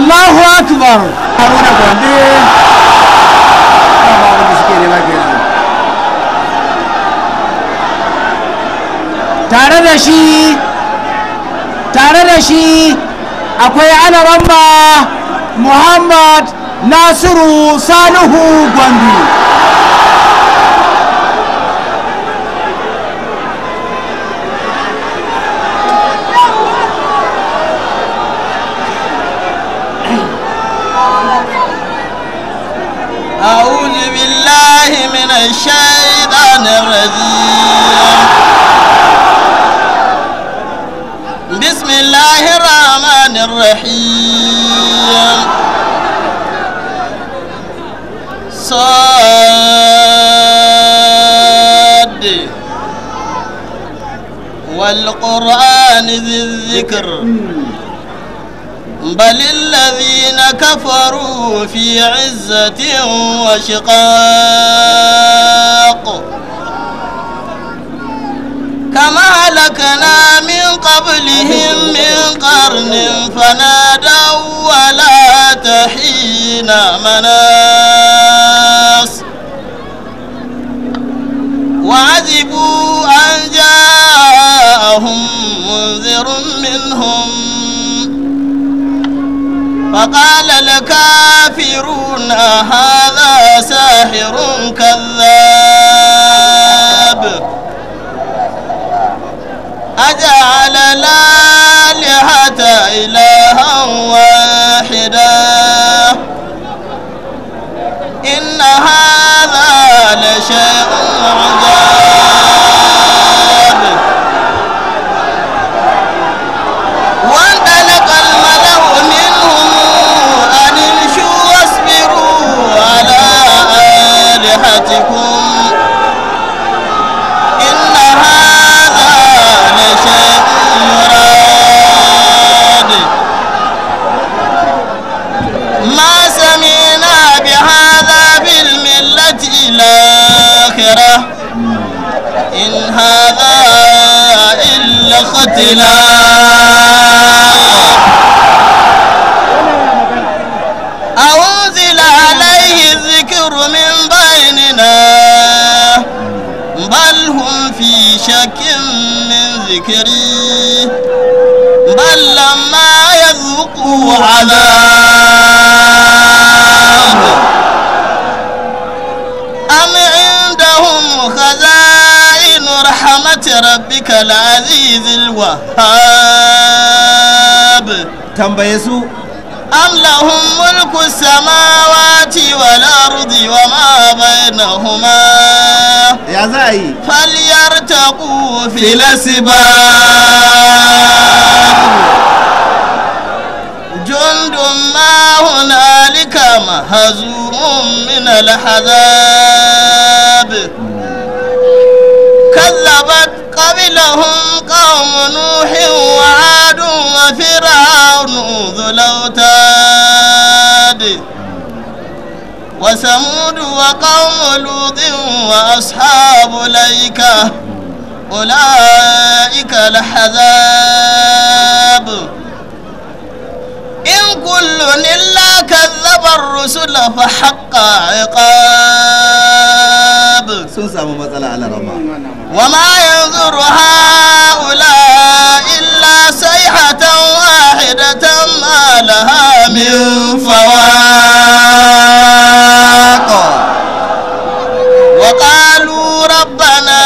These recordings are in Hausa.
Allahu akbar haruna gombe tare da shi akwai alaramba muhammad nasiru salihu gombe أعوذ بالله من الشيطان الرجيم بسم الله الرحمن الرحيم صاد والقرآن ذي الذكر بل الذين كفروا في عزة وشقاق كما لكنا من قبلهم من قرن فنادوا ولا تحين مناص وعذبوا أن جاءهم منذر منهم فقال الكافرون هذا ساحر كذاب أجعل الآلهة إلها واحدا إن هذا لشيء عجاب قتلا wahhab tambaye su allahun mulku samawati wal ardi wa ma bainahuma ya za a yi falyartaqu fil jundun ma hunalika mahzumun min al-hazab كذبت hmm. قبلهم نوح وعاد وفرعون ذو الأوتاد وثمود وقوم لوط وأصحاب الأيكة أولئك الحذاب إن كل إلا كذب الرسل فحق عقاب وما ينظر هذا من فواق وقالوا ربنا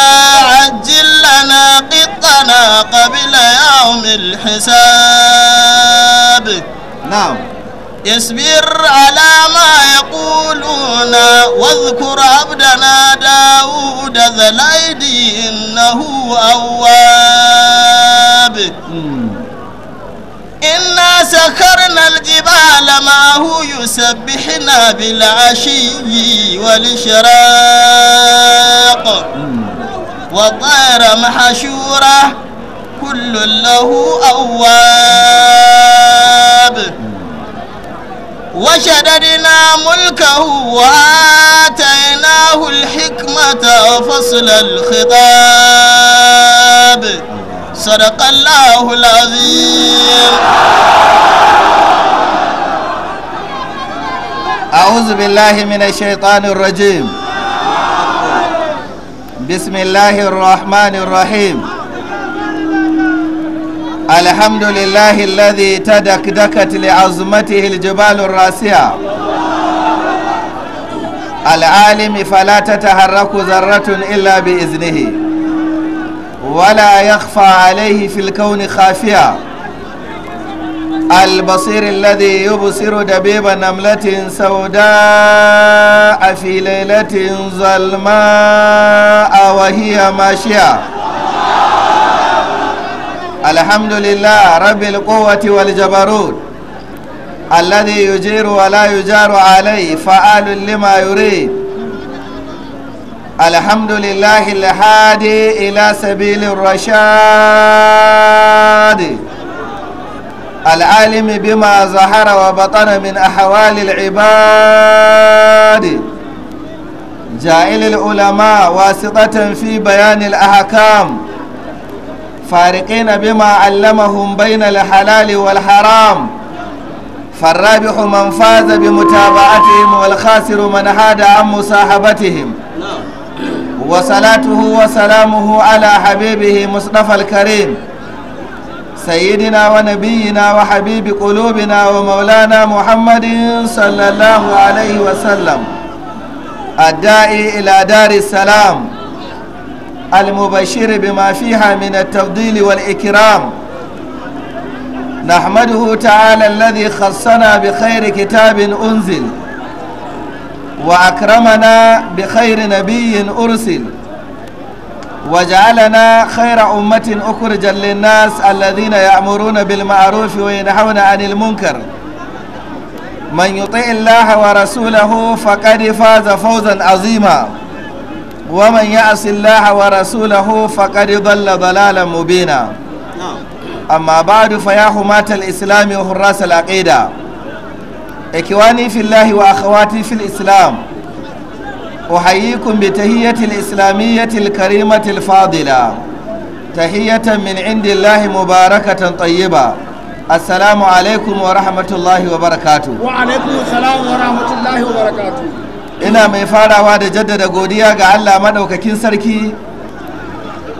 عجل لنا قطنا قبل يوم الحساب نعم اصبر على ما يقولون واذكر عبدنا داود ذا الأيدي إنه أواب إنا سخرنا الجبال معه يسبحنا بالعشي والإشراق وطير محشورة كل له أواب وشددنا ملكه وآتيناه الحكمة وفصل الخطاب صدق الله العظيم أعوذ بالله من الشيطان الرجيم بسم الله الرحمن الرحيم الحمد لله الذي تدكدكت لعظمته الجبال الراسية العالم فلا تتحرك ذرة إلا بإذنه ولا يخفى عليه في الكون خافيا البصير الذي يبصر دبيب نملة سوداء في ليلة ظلماء وهي ماشية الحمد لله رب القوة والجبروت الذي يجير ولا يجار عليه فعال لما يريد الحمد لله الهادي إلى سبيل الرشاد العالم بما ظهر وبطن من أحوال العباد جائل العلماء واسطة في بيان الأحكام فارقين بما علمهم بين الحلال والحرام فالرابح من فاز بمتابعتهم والخاسر من حاد عن مصاحبتهم وصلاته وسلامه على حبيبه مصطفى الكريم سيدنا ونبينا وحبيب قلوبنا ومولانا محمد صلى الله عليه وسلم الداعي إلى دار السلام المبشر بما فيها من التفضيل والإكرام نحمده تعالى الذي خصنا بخير كتاب أنزل وأكرمنا بخير نبي أرسل وجعلنا خير أمة أخرجا للناس الذين يأمرون بالمعروف وينهون عن المنكر من يطيع الله ورسوله فقد فاز فوزا عظيما ومن يعص الله ورسوله فقد ضل ضلالا مبينا أما بعد فيا حماة الإسلام وحراس العقيدة ikiwani fi lahi wa akawati fi islam o hayi kumbi tahiyatul islamiyatul karimatul fadila tahiyata min indi lahi mubarakatan tayyiba assalamu alaikum wa rahmatullahi wa barakatu ina mai farawa da jaddada godiya ga allah maɗaukakin sarki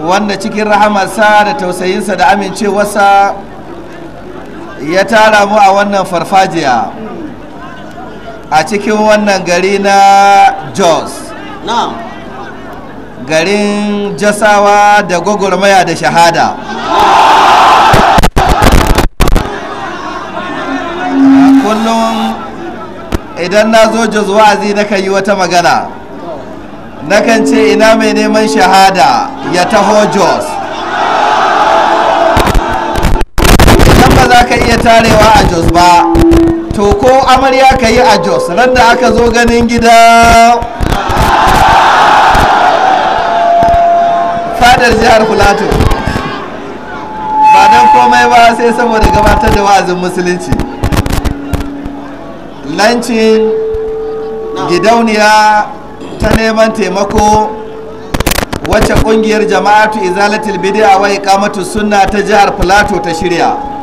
wanda cikin rahamarsa da tausayinsa da amincewarsa ya tara mu a wannan farfajiya a cikin wannan gari na jos garin jasawa da gwagwarmaya da shahada kullum idan na zo jos wa'azi na yi wata magana nakan ce ina mai neman shahada ya taho jos idan ba za ka iya tarewa a jos ba amarya ka yi a jos ran da aka zo ganin gida fadar jihar plateau ba don komai ba sai saboda gabatar da wa'azin musulunci lancin gidauniya ta neman taimako wacce kungiyar jama'atu izalatul bid'a wa kamatu sunna ta jihar plateau ta shirya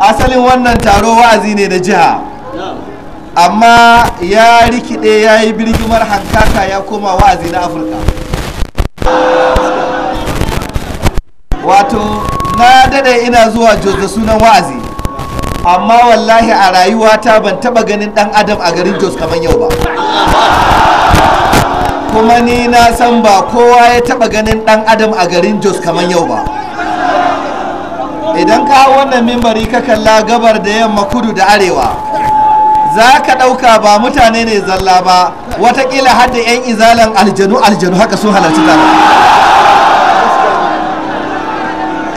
asalin wannan taro wa'azi ne da jiha amma ya rikide ya yi birgimar hankaka ya koma wa'azi na afirka wato na dade ina zuwa jos sunan wa'azi amma wallahi a rayuwata ban taba ganin dan adam a garin jos kamar yau ba kuma ni na san ba kowa ya taba ganin dan adam a garin jos kamar yau ba idan ka hau wannan mimbari ka kalla gabar da yamma kudu da arewa za ka ɗauka ba mutane ne zalla ba watakila har da 'yan izalan aljanu aljanu haka sun halarci taron.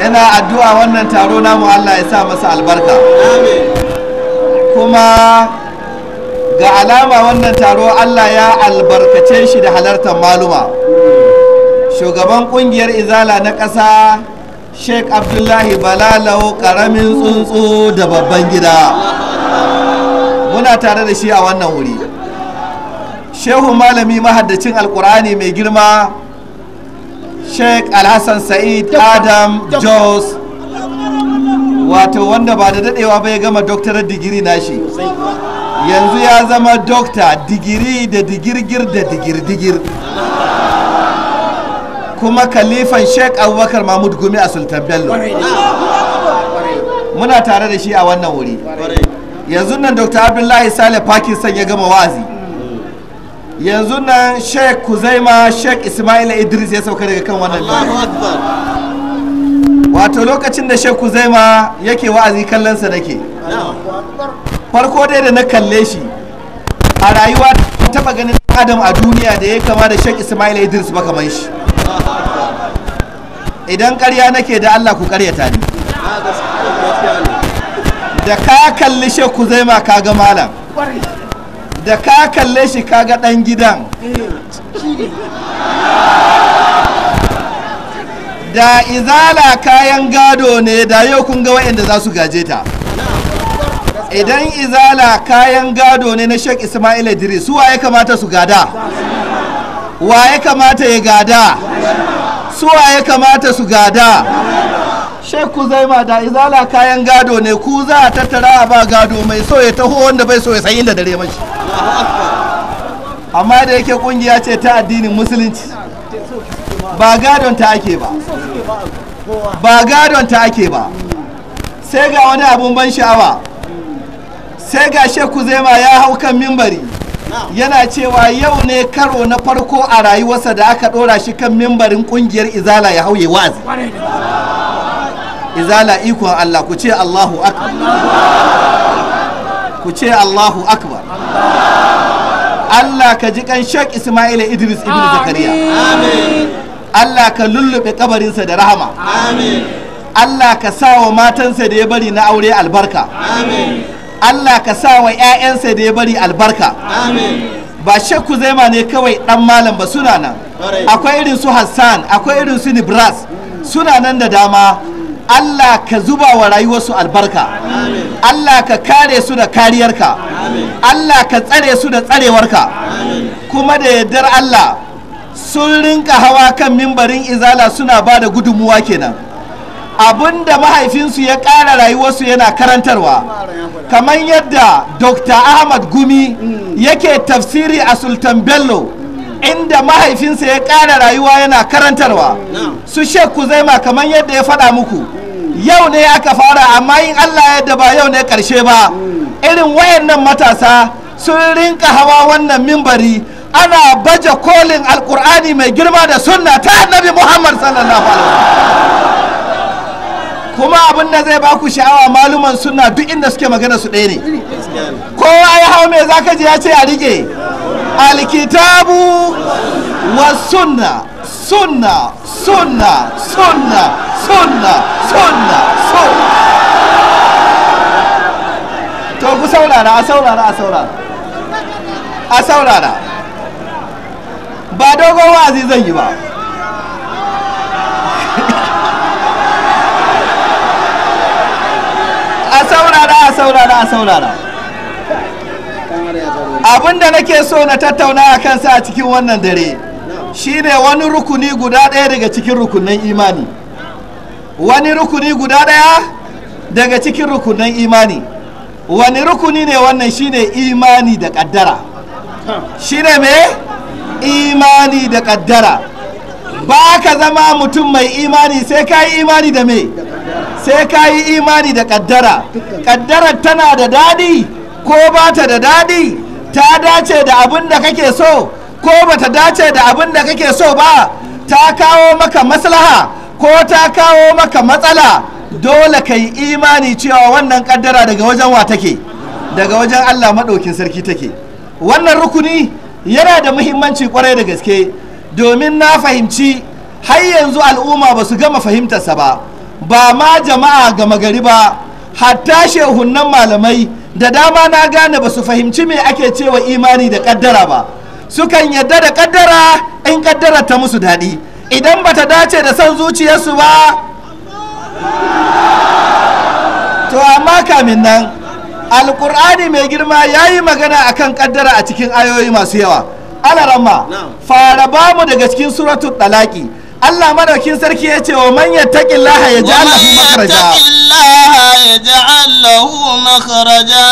ina addu'a wannan taro namu Allah ya sa masa albarka kuma ga alama wannan taro Allah ya albarkace shi da halartar maluma shugaban kungiyar izala na ƙasa sheik abdullahi balalau karamin tsuntsu da babban gida muna tare da shi a wannan wuri shehu malami mahaddacin alkur'ani mai girma sheik alhassan sa'id adam jos wato wanda ba da dadewa ba ya gama doctorate digiri nashi yanzu ya zama dokta digiri da digirgir da digirdigir kuma kalifan sheik abubakar mahmud gumi a sultan bello ah. muna tare da shi a wannan wuri yanzu nan dr abdullahi saleh pakistan ya gama wazi yanzu nan sheik kuzaima sheik ismaila idris ya sauka daga kan wannan wato lokacin da sheik kuzaima yake wa'azi kallonsa nake farko dai da na kalle shi a rayuwa taba ganin adam a duniya da ya kama da sheik ismaila idris ba kamar shi idan karya nake da Allah ku karyata ni da ka kalli ku zai ma ka ga malam da ka kalle shi ka ga ɗan gidan da izala kayan gado ne da yau kun ga wa'anda za su gaje ta idan izala kayan gado ne na shek ismail idris su waye kamata su gada waye kamata ya gada suwa ya kamata su gada shekku zai ma da izala kayan gado ne ku za a tattara a ba gado mai so ya taho wanda bai so ya san inda dare mashi amma da yake kungiya ce ta addinin musulunci ba gadon ta ake ba ba gadon ta ake ba sai ga wani abun ban sha'awa sai ga shekku zai ma ya hau kan mimbari yana cewa yau ne karo na farko a rayuwarsa da aka ɗora shi kan mimbarin ƙungiyar izala ya hauye wazi izala ikon Allah ku ce Allahu akbar ku ce Allahu akbar Allah ka ji kan shek Ismail Idris Ibn Zakariya Allah ka lullube kabarinsa da rahama Allah ka sa wa matansa da ya bari na aure albarka Allah ka sa wa 'ya'yansa da ya bari albarka ba shakku zaima ne kawai ɗan malam ba suna nan akwai irin su hassan akwai irin su nibras suna nan da dama Allah ka zuba wa rayuwarsu albarka Allah ka kare su da kariyarka Allah ka tsare su da tsarewarka kuma da yardar Allah sun rinka hawa kan mimbarin izala suna ba da gudunmuwa kenan abinda mahaifinsu ya ƙara rayuwarsu yana karantarwa kamar yadda dr ahmad gumi yake tafsiri a sultan bello inda mahaifinsa ya ƙara rayuwa yana karantarwa su shekku ma kamar yadda ya faɗa muku yau ne aka fara amma in allah yadda ba yau ne ƙarshe ba irin wayannan matasa sun rinka hawa wannan mimbari ana baje kolin alkur'ani mai girma da sunna ta annabi muhammad sallallahu alaihi kuma abin da zai baku sha'awa maluman suna duk inda suke magana su ɗaya ne kowa ya hau mai zaka ji ya ce a rike alkitabu wa sunna sunna sunna sunna sunna sunna sunna to ku saurara a saurara a saurara a saurara ba dogon wa'azi zan yi ba saurara a saurara abin da nake so na tattauna a kansa a cikin wannan dare shine wani rukuni guda ɗaya daga cikin rukunan imani wani rukuni guda ɗaya daga cikin rukunan imani wani rukuni ne wannan shine imani da ƙaddara shine me imani da ƙaddara ba ka zama mutum mai imani sai ka yi imani da me sai ka yi imani da kaddara kaddarar tana da daɗi ko ba ta da daɗi ta dace da abin da kake so ko ba ta dace da abin da kake so ba ta kawo maka maslaha ko ta kawo maka matsala dole ka yi imani cewa wannan kaddara daga wajen wa take daga wajen allah maɗaukin sarki take wannan rukuni yana da muhimmanci kwarai da gaske domin na fahimci har yanzu al'umma ba su gama fahimtarsa ba ba ma jama'a gama gari ba hatta shehunan malamai da dama na gane ba su fahimci me ake cewa imani da kaddara ba sukan yadda da kaddara in kaddara ta musu daɗi idan ba ta dace da son zuciyarsu ba to amma kamin nan Alƙur'ani mai girma ya yi magana a kan kaddara a cikin ayoyi masu yawa alarama fara bamu daga cikin suratul ɗalaƙi Allah madaukin sarki ya ce wa man yattaqillaha yaj'al lahu ya wa Allah yaj'al makaraja.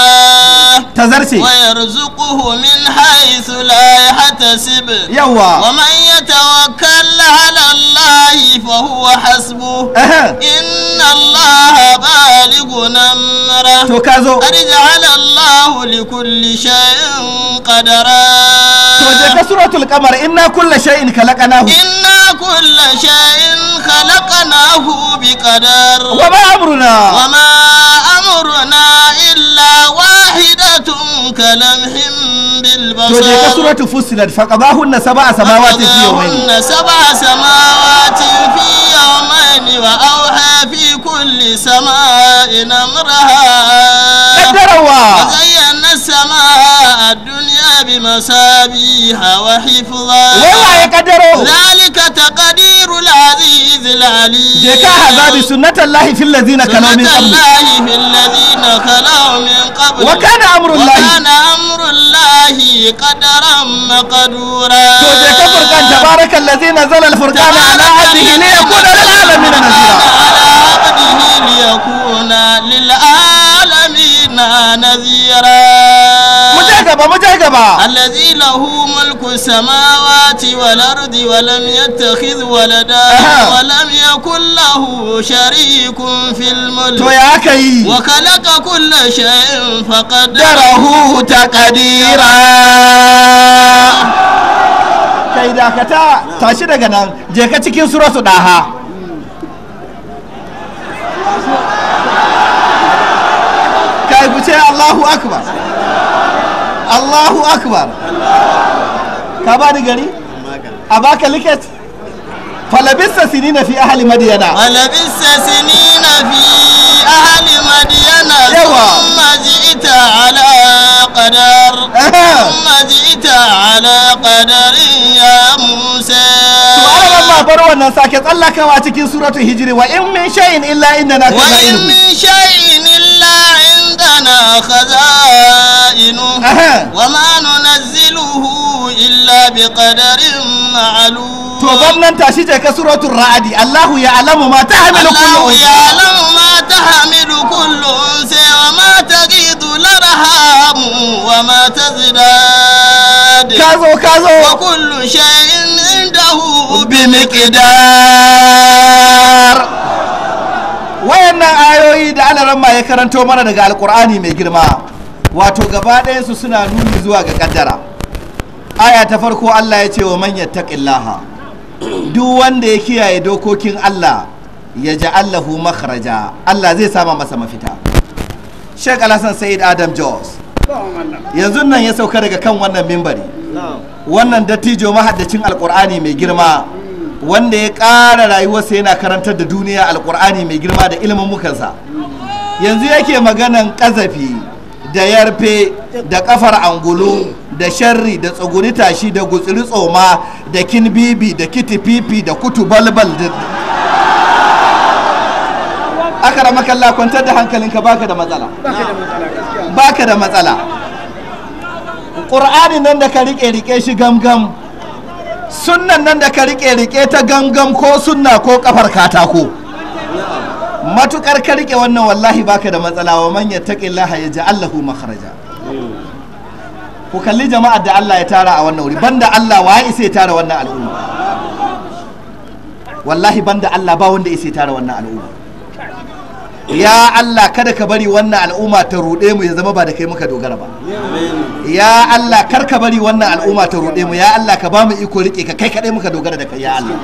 Ta tazarci wa zuƙuhu min haythu la yahtasib yawa wa man ya 'ala Allah fa huwa hasbuh inna Allah balighu amra to kazo qad ja'ala Allah li kulli shay'in qadara waje ta suratul inna kulla shay'in khalaqnahu inna kulla shay'in khalaqnahu wa ma amruna wa ma amruna illa wahidatun kalamhin to je ta suratul fussilat faqadahunna sab'a samawati fi yawmayn sab'a samawati fi yawmayn wa awha fi kulli sama'in amraha بمسابيح وحفظا ذلك تقدير العزيز العليم جيكا هذا سنة الله في الذين كانوا من قبل الله في الذين كانوا من قبل وكان أمر الله وكان أمر الله قدرا مقدورا جيكا فرقان تبارك الذي نزل الفرقان على عبده ليكون للعالمين نزيرا على عبده ليكون للعالمين نذيرا gaba mu je gaba allazi lahu mulku samawati wal ardi wa lam yattakhidh walada wa lam yakul lahu sharikun fil mulk to ya kai wa khalaqa kulla shay'in faqadarahu taqdira kai dakata tashi daga nan je ka cikin suratu daha kai ku ce Allahu akbar Allahu akbar ka ba ni gari a baka liket falabista sinina fi ahli madiyana falabista sinina fi ahli madiyana thumma ji'ta ala qadar thumma ji'ta ala qadarin ya musa to Allah ma bar wannan sake tsallakawa cikin suratul hijri wa in min sha'in illa inna na kana ilmu wa in min بقدر معلوم to gwamnan tashi ce ka suratul ra'adi Allahu ya alamu ma tahmilu kullu unsa Allahu ya alamu ma tahmilu kullum sai wa ma taqidu larham wa ma zo ka zo. wa kullu shay'in indahu bi miqdar wayannan ayoyi da alaramma ya karanto mana daga Alƙur'ani mai girma wato gaba ɗayansu suna nuni zuwa ga kaddara aya ta farko Allah ya ce wa manyan yattaqillaha duk wanda ya kiyaye dokokin Allah ya allahu makaraja Allah zai sama masa mafita Sheikh Alhassan Said Adam Jos yanzu nan ya sauka daga kan wannan mimbari wannan dattijo mahaddacin alkur'ani mai girma wanda ya ƙara rayuwarsa yana karantar da duniya alkur'ani mai girma da ilimin mukansa yanzu yake maganan ƙazafi da yarfe da kafar angulu da sharri da tsuguni tashi da gutsiri tsoma da kin bibi da kiti pipi da kutu balbal da aka rama kalla kwantar da hankalinka baka da matsala baka da matsala ƙur'anin nan da ka rike rike shi gamgam sunnan nan da ka rike rike ta gamgam ko sunna ko kafar katako matukar ka rike wannan wallahi baka da matsala wa man yattaqillaha yaj'al lahu makhraja hmm. ku kalli jama'ar da Allah ya tara a wannan wuri banda Allah wa isa ya tara wannan al'umma wallahi banda Allah ba wanda isa ya tara wannan al'umma ya Allah kada ka bari wannan al'umma ta ruɗe mu ya zama ba da kai muka dogara ba ya Allah kar ka bari wannan al'umma ta ruɗe mu ya Allah ka ba mu iko rike ka kai kadai muka dogara da kai ya Allah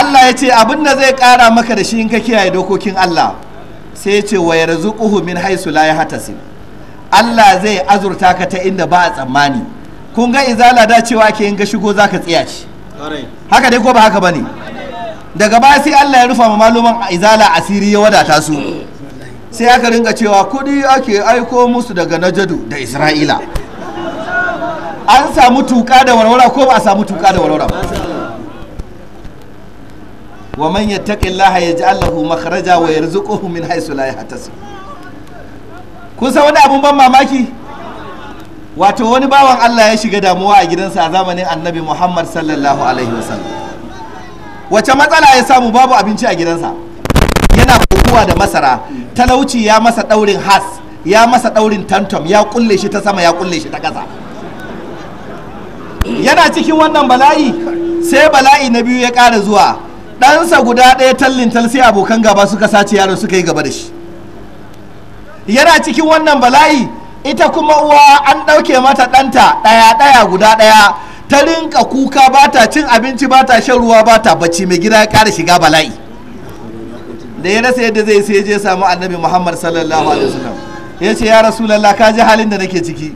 Allah ya ce abin da zai ƙara maka da shi in ka kiyaye dokokin Allah sai ya ce wa yarzuquhu min haisu la yahtasib Allah zai azurta ka ta inda ba a tsammani kun ga izala da cewa ke in ga shigo zaka tsiya ce haka dai ko ba haka bane daga baya sai Allah ya rufa ma maluman izala asiri ya wadata su sai aka ringa cewa kudi ake aiko musu daga najadu da isra'ila an samu tuka da warwara ko ba a samu tuka da warwara ba wa man yattaqillaha yaj'al lahu makhraja wa yarzuquhu min haythu la yahtasib kun san wani abun ban mamaki wato wani bawan Allah ya shiga damuwa a gidansa a zamanin annabi Muhammad sallallahu alaihi wasallam wace matsala ya samu babu abinci a gidansa yana kokuwa da masara talauci ya masa daurin has ya masa daurin tantam ya kulle shi ta sama ya kulle shi ta ƙasa yana cikin wannan bala'i sai bala'i na biyu ya ƙara zuwa ɗansa guda ɗaya tallin talsi sai abokan gaba suka sace yaro suka yi gaba da shi yana cikin wannan bala'i ita kuma uwa an ɗauke mata ɗanta ɗaya ɗaya guda ɗaya ta rinka kuka ba ta cin abinci ba ta shan ruwa ba ta bacci mai gida ya ƙara shiga bala'i da ya rasa yadda zai sai je samu annabi muhammad sallallahu alaihi wasallam ya ce ya rasulallah ka ji halin da nake ciki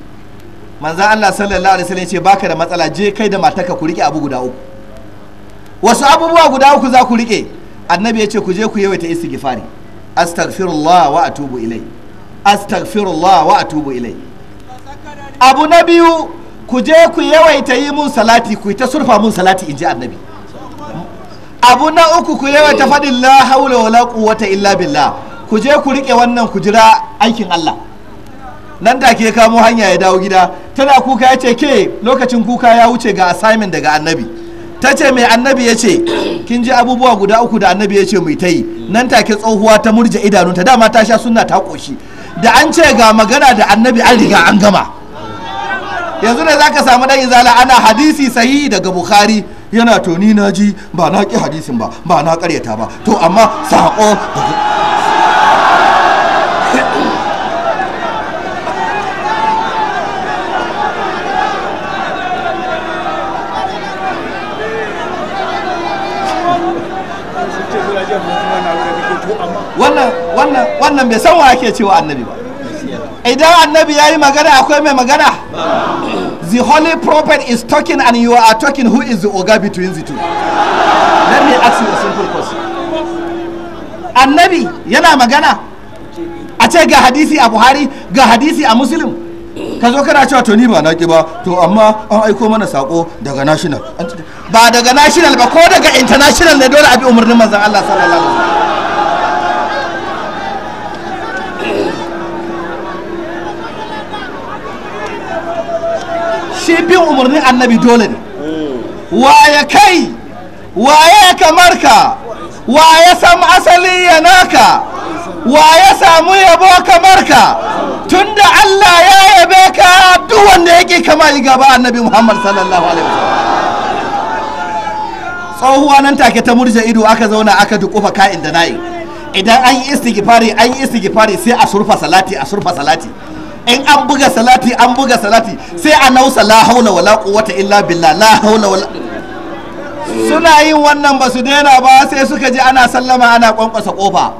manzan allah sallallahu alaihi wasallam ya ce baka da matsala je kai da matarka ku riƙe abu guda uku wasu abubuwa guda uku za ku riƙe annabi ya ce ku je ku yawaita istighfari astaghfirullah wa atubu ilai astaghfirullah wa atubu ilai abu na biyu ku je ku yawaita yi mun salati ku ta surfa mun salati in ji annabi abu na uku ku yawaita faɗin la haula wala quwwata illa billa ku je ku rike wannan ku jira aikin Allah nan da ke kamo hanya ya dawo gida tana kuka ya ce ke lokacin kuka ya wuce ga assignment daga annabi ta ce mai annabi ya ce kin ji abubuwa guda uku da annabi ya ce mai ta yi nan take tsohuwa ta murje idanunta dama ta sha sunna ta koshi da an ce ga magana da annabi an riga an gama yanzu ne za ka samu dan izala ana hadisi sayi daga bukhari yana to ni na ji ba na ƙi hadisin ba ba na ƙaryata ba to amma saƙo wannan bai san wa ake cewa annabi ba idan annabi ya yi magana akwai mai magana the holy prophet is talking and you are talking who is the oga between the two let me ask you a simple question annabi yana magana a ce ga hadisi a buhari ga hadisi a muslim ka zo kana cewa to ni ba na ki ba to amma an aiko mana sako daga national ba daga national ba ko daga international ne dole a bi umarnin manzon Allah sallallahu alaihi wasallam shi bin umarnin annabi dole ne waye kai waye kamar ka waye samu asali ya naka waye samu yabo kamar ka tunda Allah ya yabe ka duk wanda yake kama yi gaba annabi Muhammad sallallahu alaihi tsohuwa nan take ta murje ido aka zauna aka dukufa ka'in da na'i idan an yi istigifari an yi istigifari sai a surfa salati a surfa salati in an buga salati an buga salati sai a nausa la haula wala quwwata illa billah la haula wala suna yin wannan ba su daina ba sai suka ji ana sallama ana kwankwasa kofa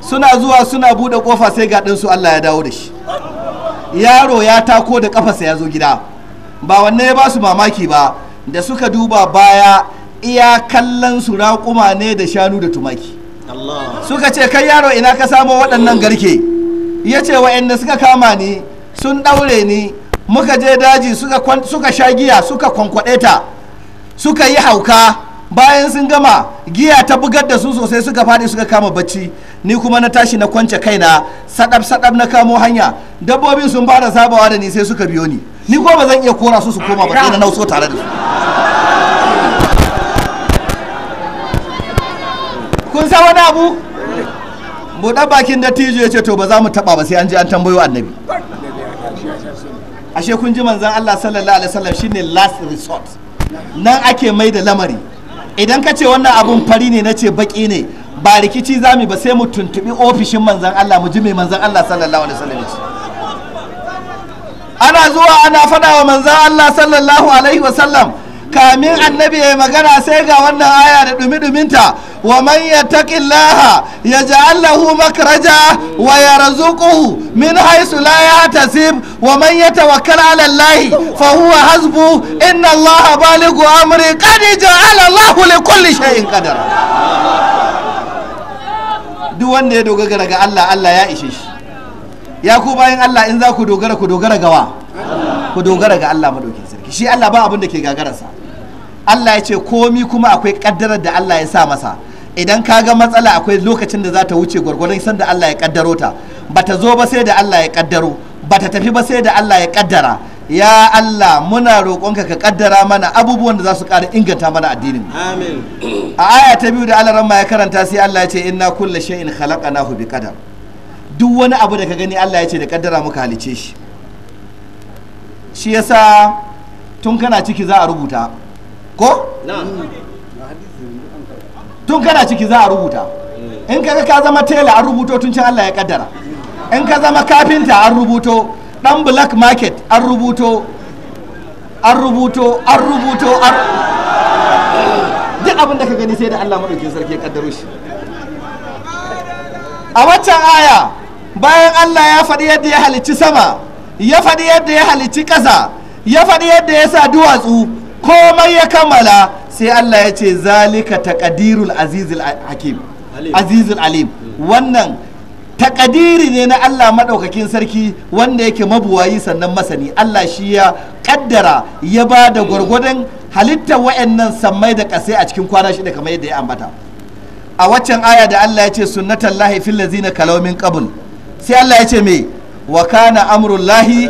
suna zuwa suna bude kofa sai ga ɗinsu Allah ya dawo da shi yaro ya tako da kafarsa ya zo gida ba wanne ya ba su mamaki ba da suka duba baya iya kallon su raƙuma ne da shanu da tumaki suka ce kai yaro ina ka samo waɗannan garke ya ce wa'anda suka kama ni sun ɗaure ni muka je daji suka sha giya suka kwankwaɗe ta suka yi hauka bayan sun gama giya ta bugar da su sosai suka faɗi suka kama bacci ni kuma na tashi na kwance kaina sadab sadab na kamo hanya dabbobin sun fara sabawa da ni sai suka biyo ni ni kuma ba zan iya kora su su koma ba sai na nauso tare da su kun san wani abu buɗe bakin dattijo ya ce to ba za mu taɓa ba sai an je an tambayo annabi ashe kun ji manzan Allah sallallahu alaihi wasallam shine last resort nan ake mai da lamari idan ka ce wannan abun fari ne na ce baki ne ba rikici za mu ba sai mu tuntubi ofishin manzan Allah mu ji mai manzan Allah sallallahu alaihi wasallam ana zuwa ana fada wa manzan Allah sallallahu alaihi wasallam kamin annabi ya magana sai ga wannan aya da dumi-duminta wa man ya ji allahu makaraja wa yarzuquhu min haisu la tasib wa man ya 'ala alallahi fa huwa hasbu inna Allah balighu amri qad ja'ala allahu li kulli shay'in qadara duk wanda ya dogara ga Allah Allah ya ishe shi ya ku bayan Allah in za ku dogara ku dogara gawa ku dogara ga Allah madaukin sarki shi Allah ba abin da ke gagararsa Allah ya ce komi kuma akwai kaddarar da Allah ya sa masa idan ka ga matsala akwai lokacin da za ta wuce gwargwadon sanda Allah ya kaddaro ta bata zo ba sai da Allah ya kaddaro bata tafi ba sai da Allah ya kaddara ya Allah muna roƙonka ka kaddara mana abubuwan da za su ƙara inganta mana addinin amin a aya ta biyu da Allah ya karanta sai Allah ya ce inna kullu shay'in khalaqnahu bi qadar duk wani abu da ka gani Allah ya ce da kaddara muka halice shi shi yasa tun kana ciki za a rubuta ko tun kana ciki za a rubuta mm. in ka ka zama tela an rubuto tun can Allah ya kaddara in ka zama kafinta an rubuto dan black market an rubuto an rubuto an rubuto an duk abin da ka gani sai da Allah madaukin sarki ya kaddaro shi a waccan aya bayan Allah ya faɗi yadda ya halicci sama ya faɗi yadda ya halicci ƙasa ya faɗi yadda ya sa duwatsu komai ya kammala sai Allah ya ce zalika taqdirul azizul hakim azizul alim wannan takadiri ne na Allah maɗaukakin sarki wanda yake mabuwayi sannan masani Allah shi ya kaddara ya ba da gwargwadon halittar wa'annan sammai da ƙasai a cikin kwana shida kamar yadda ya ambata a waccan aya da Allah ya ce sunnatan lahi fil ladzina kalaw min qabl sai Allah ya ce me wa kana amrul lahi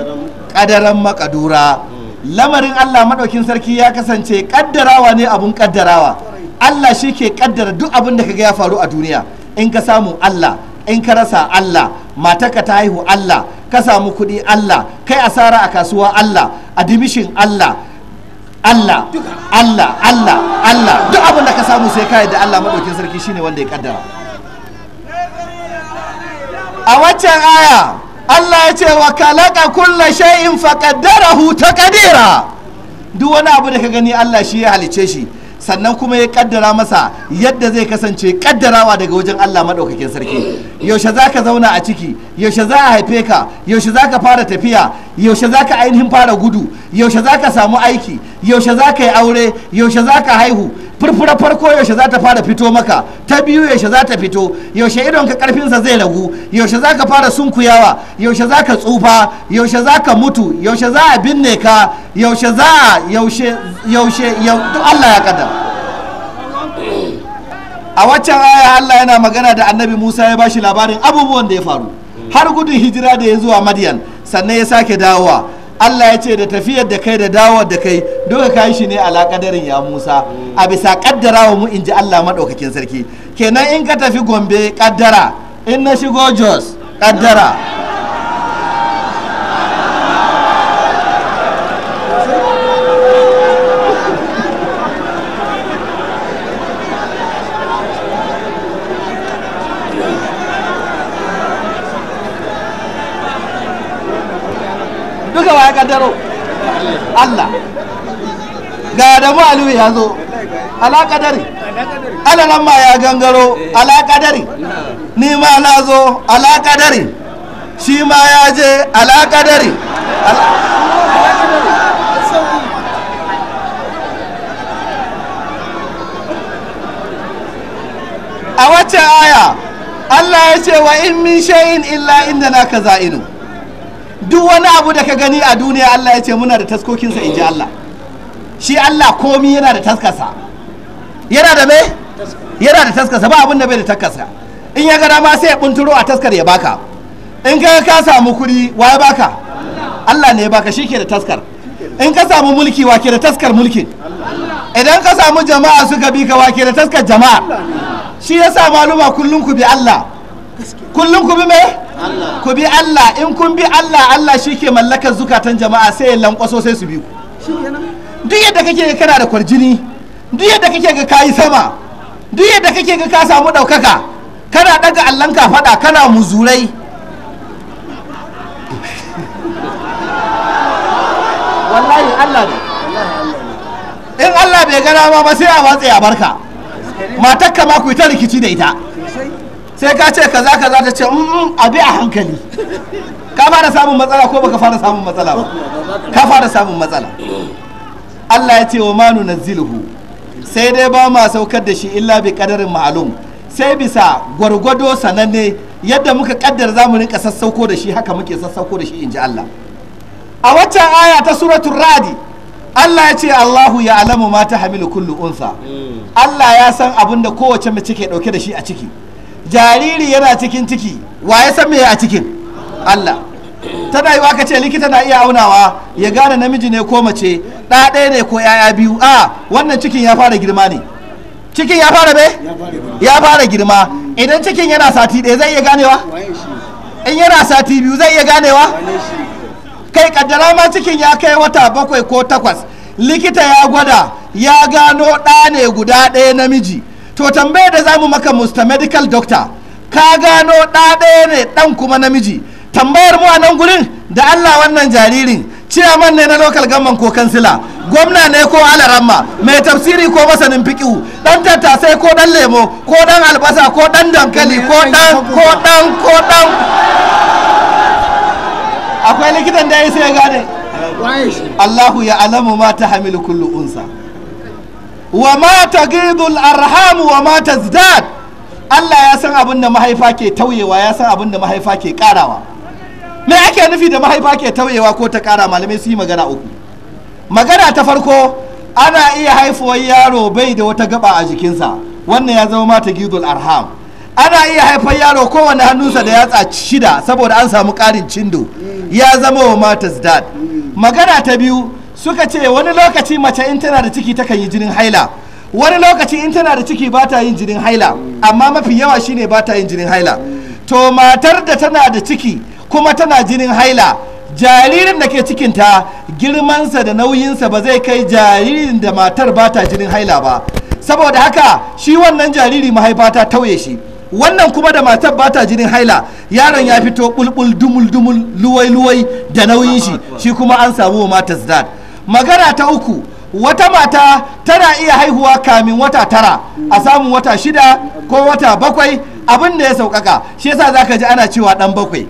qadaran maqdura lamarin Allah madaukin sarki ya kasance kaddarawa ne abun kaddarawa Allah shi ke kaddara duk abin da kaga ya faru a duniya in ka samu Allah in ka rasa Allah ka ta haihu Allah ka samu kuɗi Allah kai asara a kasuwa Allah dimishin Allah Allah Allah Allah Allah duk abin da ka samu sai ka da Allah madaukin sarki shine wanda ya kaddara a waccan aya Allah ya ce wa kalaka kulla shay'in huta taqdira duk wani abu da ka gani Allah shi ya halice shi sannan kuma ya kaddara masa yadda zai kasance kaddarawa daga wajen Allah maɗaukakin sarki yaushe za ka zauna a ciki yaushe za a haife ka yaushe za ka fara tafiya yaushe za ka ainihin fara gudu yaushe za ka samu aiki yaushe za ka yi aure yaushe za ka haihu furfura farko yaushe za ta fara fito maka ta biyu yaushe za ta fito yaushe idon idonka karfinsa zai ragu? yaushe za ka fara sunkuyawa yaushe za ka tsufa yaushe za ka mutu yaushe za a binne ka yaushe za a yaushe yaushe Allah ya kaddara a waccan aya Allah yana magana da annabi Musa ya bashi labarin abubuwan da ya faru har gudun hijira da ya zuwa Madiyan sannan ya sake dawowa Allah ya ce da tafiyar da kai da dawar da kai duka kai shi ne ala kadarin ya Musa a bisa wa mu inji Allah madaukakin sarki kenan in ka tafi Gombe kaddara in na shigo Jos kaddara kadaro Allah ga da aliyu ya zo alaƙadari alalan ma ya gangaro alaƙadari ni ma na zo alaƙadari shi ma ya je alaƙadari a wacce aya Allah ya ce wa in min shay'in illa inda na ka za'inu duk wani abu da ka gani a duniya Allah ya ce muna da taskokinsa in ji Allah shi Allah komi yana da taskasa yana da me yana da taskasa ba abin da bai da taskasa in ya gada ma sai ya bunturo a taskar ya baka in ka ka samu kudi wa ya baka Allah ne ya baka shi ke da taskar in ka samu mulki wa ke da taskar mulkin idan ka samu jama'a suka bi ka wa ke da taskar jama'a shi ya sa maluma kullum ku bi Allah kullum ku bi me ku bi Allah in kun bi Allah Allah shi ke mallakar zukatan jama'a sai ya lankwaso sai su bi ku duk yadda kake ga kana da kwarjini duk yadda kake ga kayi sama duk yadda kake ga ka samu ɗaukaka kana ɗaga allon ka faɗa kana muzurai wallahi Allah ne in Allah bai gana ma ba sai a watsa ya barka matakka ma ku ta rikici da ita sai ka ce kaza kaza ta ce mm, mm, abi a hankali ka fara samun matsala ko baka fara samun matsala ba ka fara samun matsala Allah ya ce wa manu nazilhu sai dai ba ma saukar da shi illa bi kadarin ma'alum sai bisa gwargwado sananne yadda muka kaddara za mu rinka sassauko da shi haka muke sassauko da shi in ji Allah a waccan aya ta suratul radi Allah ya ce Allahu ya alamu ma ta hamilu kullu unsa hmm. Allah ya san abin da kowace mace ke dauke da shi a ciki jariri yana cikin ciki wa ya san me a cikin Allah tana yi ka ce likita na iya aunawa ya gane namiji ne ko mace ɗa ɗaya ne ko yaya biyu a wannan cikin ya fara girma ne cikin ya fara be ya fara girma idan cikin yana sati ɗaya zai iya ganewa in yana sati biyu zai iya ganewa kai kaddara ma cikin ya kai wata bakwai ko takwas likita ya gwada ya gano ɗa ne guda ɗaya namiji to tambayar da zamu maka mr medical doctor ka gano ɗa ɗaya ne ɗan kuma namiji tambayar mu a nan gurin da allah wannan jaririn ciyaman ne na local government ko kansila gwamna ne ko alaramma mai tafsiri ko masanin fikihu dan tattasai ko dan lemo ko dan albasa ko dan dankali ko dan ko dan ko dan akwai likitan da ya sai gane Allahu ya alamu ma ta hamilu kullu unsa wa ma gidul arham wa ma zidad. Allah ya san abin da mahaifa ke tauyewa ya san abin da mahaifa ke karawa me ake nufi da mahaifa ke tauyewa ko ta kara malamai su yi magana uku magana ta farko ana iya haifuwar yaro bai da wata gaba a jikinsa wannan ya zama mata gidul arham ana iya haifar yaro kowane hannunsa da yatsa shida saboda an samu karin cindo ya zama wa mata zidad. magana ta biyu suka ce wani lokaci mace in tana da ciki takan yi jinin haila wani lokaci in tana da ciki ba ta yin jinin haila amma mafi yawa shine ba ta yin jinin haila to matar da tana da ciki kuma tana jinin haila jaririn da ke cikinta girmansa da nauyinsa ba zai kai jaririn da matar ba ta jinin haila ba saboda haka shi wannan jariri mahaifa ta tauye shi wannan kuma da matar ba ta jinin haila yaron ya fito bulbul dumul dumul luwai luwai da nauyin shi shi kuma an samu matar zad magana ta uku wata mata tana iya haihuwa kamin wata tara a samun wata shida ko wata bakwai abin da ya sauƙaƙa shi yasa zaka ji ana cewa ɗan bakwai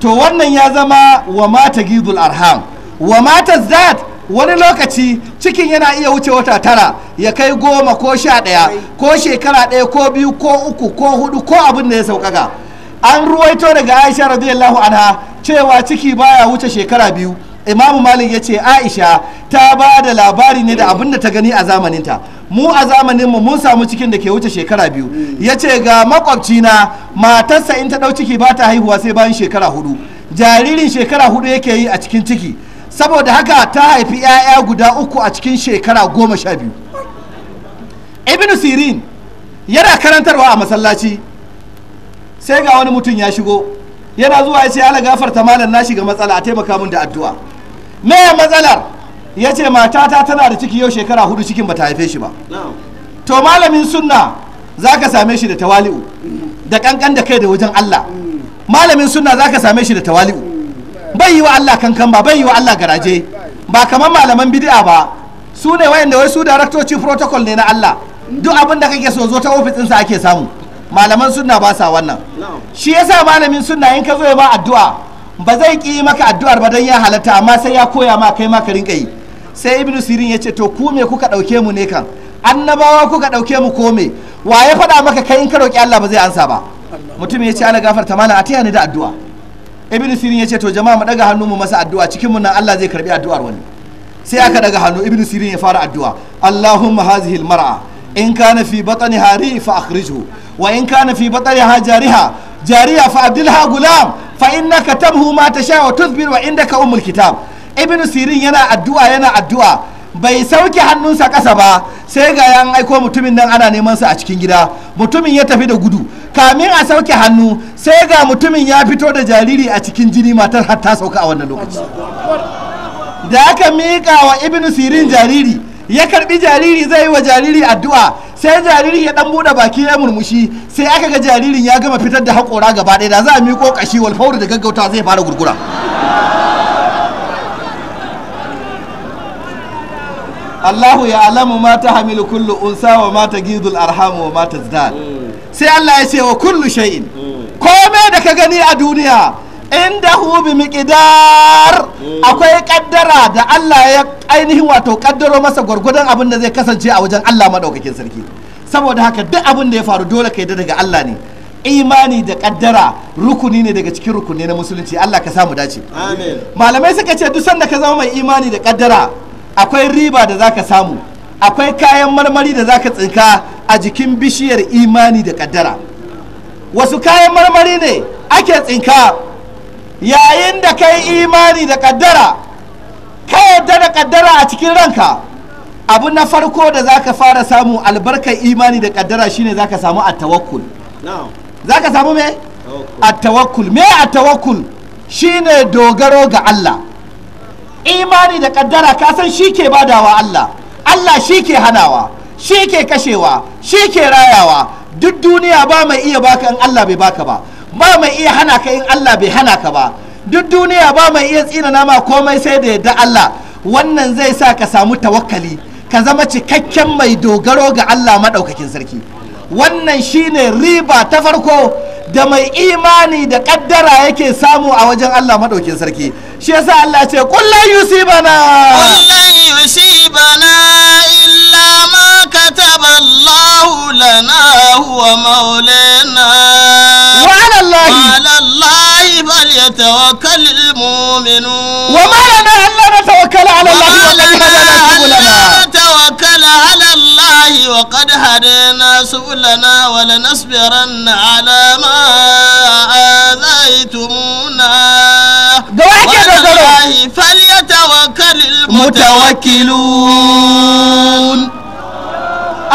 to wannan ya zama wa mata gidul arham wa mata zat wani lokaci cikin yana iya wuce wata tara ya kai goma ko sha ɗaya ko shekara ɗaya ko biyu ko uku ko hudu ko abin da ya sauƙaƙa an ruwaito daga aisha radiyallahu anha cewa ciki baya wuce shekara biyu imamu malik ya ce aisha ta ba da labari ne da abin da ta gani a zamaninta mu a zamaninmu mun samu cikin da ke wuce shekara biyu mm. ya ce ga makwabcina matarsa in ta ɗau ciki ba ta haihuwa sai bayan shekara hudu jaririn shekara hudu yake yi a cikin ciki saboda haka ta haifi 'ya'ya guda uku a cikin shekara goma sha biyu ibn sirin yana karantarwa a masallaci sai ga wani mutum ya shigo yana zuwa ya ce ala gafarta malam na shiga matsala a taimaka mun da addu'a me matsalar ya ce matata tana da ciki yau shekara hudu cikin bata haife shi ba to malamin sunna za ka same shi da tawali'u da kankan da kai da wajen Allah malamin sunna za ka same shi da tawali'u bai yi wa Allah kankan ba bai yi wa Allah garaje ba kamar malaman bid'a ba su ne wayanda wai su daraktoci protocol ne na Allah duk abin da kake so zo ta ofis sa ake samu malaman sunna ba sa wannan shi yasa malamin sunna in ka zo ya ba addu'a ba zai ki maka addu'ar ba dan ya halatta amma sai ya koya ma kai ma ka rinka yi sai ibnu sirin ya ce to ku me kuka ɗauke mu ne kan annabawa kuka dauke mu ko me wa ya faɗa maka kai in ka roki Allah ba zai ansa ba mutum ya ce Allah gafarta mana a taya ni da addu'a ibnu sirin ya ce to jama'a mu daga hannu mu masa addu'a cikin mu nan Allah zai karbi addu'ar wani sai aka daga hannu ibnu sirin ya fara addu'a Allahumma hazihi almar'a in kana fi batniha hari fa akhrijhu wa in kana fi batniha jariha jariya fa abdulha gulam fa ka tabhu ma sha wa tuzbir wa ka umul kitab ibnu sirin yana addu'a yana addu'a bai sauke hannunsa ƙasa ba sai ga yan aiko mutumin nan ana neman sa a cikin gida mutumin ya tafi da gudu kamin a sauke hannu sai ga mutumin ya fito da jariri a cikin jini matar har ta sauka a wannan lokaci da aka miƙa wa ibnu sirin jariri ya karbi jariri zai yi wa jariri addu'a sai jariri ya dan bude baki ya murmushi sai aka ga jaririn ya gama fitar da hakora gaba ɗaya da za a miƙo ƙashi wal fawr da gaggauta zai fara gurgura Allahu ya alamu ma ta hamilu kullu unsa wa ma ta gizul arhamu wa ma ta hmm. sai Allah ya ce wa kullu shay'in hmm. komai da ka gani a duniya indahu bi miqdar mm. akwai kaddara da Allah ya ainihin wato kaddaro masa gwargwadon abin da zai kasance a wajen Allah madaukakin sarki saboda haka duk abin da ya faru dole kai daga Allah ne imani da kaddara rukuni ne daga cikin rukuni na musulunci Allah ka samu dace malamai suka ce duk sanda ka zama mai imani da kaddara akwai riba da zaka samu akwai kayan marmari da zaka tsinka a jikin bishiyar imani da kaddara wasu kayan marmari ne ake tsinka yayin da kai imani da kaddara ka yadda da kaddara a cikin ranka abu na farko da zaka fara samu albarkar imani da kaddara shine zaka samu at-tawakkul zaka samu me at-tawakkul me at-tawakkul shine dogaro ga Allah imani da kaddara ka san shi ke badawa Allah Allah shi ke hanawa shi ke kashewa shi ke rayawa duk duniya ba mai iya baka in Allah bai baka ba ba mai iya hana ka in Allah bai hana ka ba duk duniya ba mai iya tsina nama komai sai da yadda Allah wannan zai sa ka samu tawakkali ka zama cikakken mai dogaro ga Allah maɗaukakin sarki wannan shine riba ta farko da mai imani da ƙaddara yake samu a wajen Allah maɗaukin sarki shi yasa Allah ce kullun yusibana kullun illa ma kataba Allah lana huwa maulana وعلى الله وعلى الله فليتوكل المؤمنون وما لنا ألا نتوكل على الله وقد لنا سبلنا نتوكل على الله وقد هدينا سبلنا ولنصبرن على ما آذيتمونا وعلى الله فليتوكل المتوكلون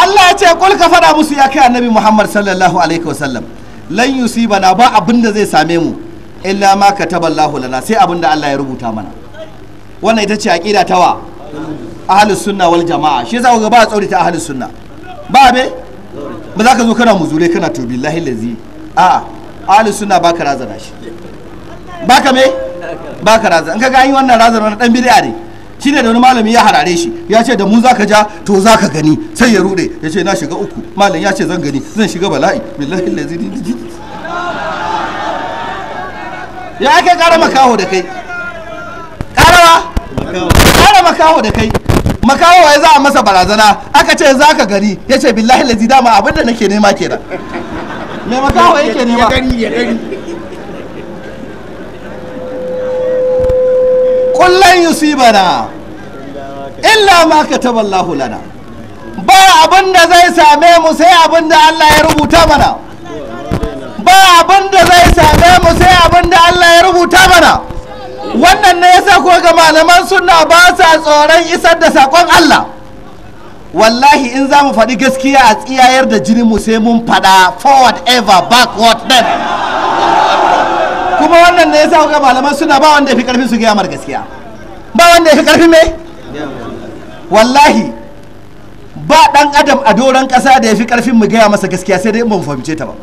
الله يقول كفر ابو ka النبي محمد صلى الله عليه وسلم lan yusibana ba abin da zai same mu illa ma kataba Allahu lana sai abin da Allah ya rubuta mana wannan ita ce aqida tawa ahlus sunna wal jamaa shi yasa ga ba a ta ahlus sunna ba be ba za ka zo kana muzure kana to billahi lazi a ahlus sunna ba ka razana shi ba ka me ba ka razana in ka ga yi wannan razana wannan dan bid'a ne shine da wani malami ya harare shi ya ce da mu zaka ja to zaka gani sai ya rude ya ce na shiga uku malam ya ce zan gani zan shiga bala'i billahi lazi ya ake kara makaho da kai karawa kara makaho da kai makaho ya za a masa barazana aka ce zaka gani ya ce billahi lazi dama abinda nake nema kenan me makaho yake nema kullum bana illa ma kataba Allahu lana ba abin da zai same mu sai abin da Allah ya rubuta bana ba abin da zai same mu sai abin da Allah ya rubuta mana wannan ne yasa ko ga malaman sunna ba sa tsoron isar da sakon Allah wallahi in za mu faɗi gaskiya a tsiyayar da jinin mu sai mun faɗa forward ever backward never kuma wannan ne yasa kuka malaman suna ba wanda ya fi karfin su gaya gaskiya ba wanda ya fi karfin me wallahi ba dan adam a doron kasa da ya fi karfin mu gaya masa gaskiya sai dai in ba mu fahimce ta ba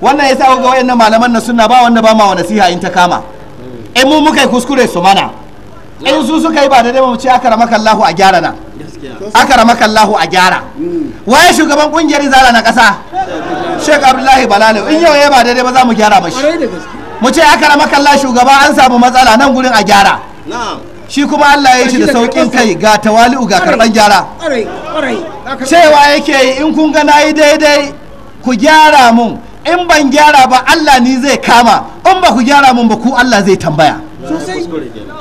wannan yasa kuka wayannan malaman na suna ba wanda ba ma wa nasiha in ta kama in mu muka yi kuskure su mana in su suka yi ba da mu ce aka ramaka Allahu a gyara na aka ramaka Allahu a gyara waye shugaban kungiyar zara na kasa Sheikh Abdullahi Balalo in yau ya ba daidai ba za mu gyara mashi mu ce aka rama kalla shugaba an samu matsala nan gurin a gyara shi kuma Allah ya shi da saukin kai ga tawali'u ga karban gyara cewa yake yi in kun ga yi daidai ku gyara mun in ban gyara ba Allah ni zai kama in ba ku gyara mun ba ku Allah zai tambaya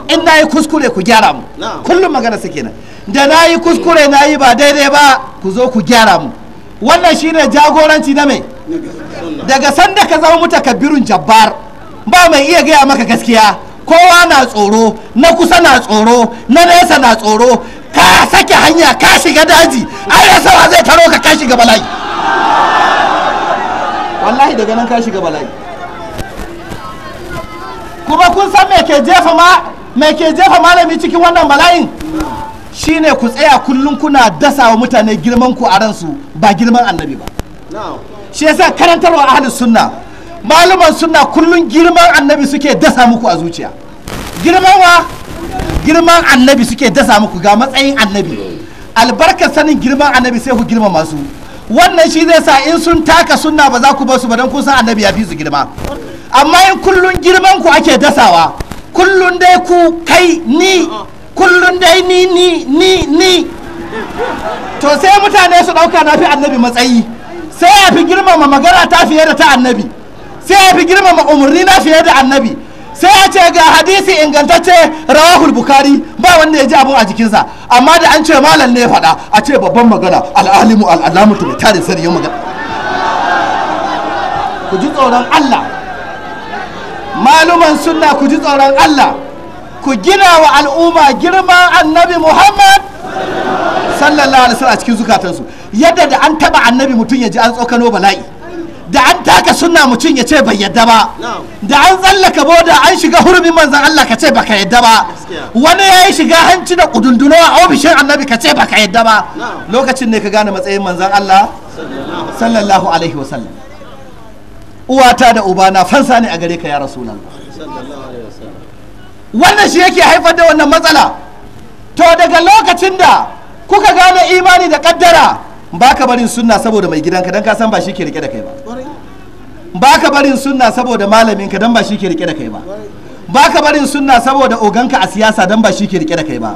in na yi kuskure ku gyara mu kullum magana su kenan da nayi kuskure yi ba daidai ba ku zo ku gyara mu wannan shine jagoranci na mai daga sanda ka zama mutakabbirin jabbar ba mai iya gaya maka gaskiya kowa na tsoro na kusa na tsoro na nesa na tsoro ka sake hanya ka shiga daji ai rasa wa zai taro ka ka shiga bala'i wallahi daga nan ka shiga bala'i kuma kun san me ke jefa ma me ke jefa malami cikin wannan bala'in shine ku tsaya kullum kuna dasa wa mutane girman ku a ransu ba girman annabi ba shi yasa karantarwa ahlus sunna maluman suna kullum girman annabi suke dasa muku a zuciya girman wa girman annabi suke dasa muku ga matsayin annabi albarkar sanin girman annabi sai ku girma masu wannan shi zai sa in sun taka sunna ba za ku ba su ba don kun san annabi ya fi su girma amma in kullun girman ku ake dasawa kullun dai ku kai ni kullun dai ni ni ni ni to sai mutane su ɗauka na fi annabi matsayi sai ya fi girmama magana ta fiye da ta annabi sai ya fi girmama umarni na fiye da annabi sai ya ce ga hadisi ingantacce rawahul bukari ba wanda ya ji abun a jikinsa amma da an ce malam ne faɗa a ce babban magana al'alimu tun mai tarin sariyar magana ku ji tsoron allah maluman sunna ku ji tsoron allah ku gina wa al'umma girman annabi muhammad sallallahu alaihi wasallam a cikin zukatansu yadda da an taba annabi mutum ya ji an tsokano bala'i da an taka sunna mutum ya ce bai yadda ba da an tsallaka boda an shiga hurumin manzan Allah ka ce baka yadda ba wani ya yi shiga hanci da kudundulo a ofishin annabi ka ce baka yadda ba lokacin ne ka gane matsayin manzan Allah sallallahu alaihi wasallam uwata da ubana fansa ne a gare ka ya rasulallah wannan shi yake haifar da wannan matsala to daga lokacin da kuka gane imani da kaddara ba ka barin sunna saboda mai gidanka dan ka san ba shi ke rike da kai ba ba ka barin sunna saboda malaminka don ba shi ke rike da kai ba ba ka barin sunna saboda oganka a siyasa don ba shi ke rike da kai ba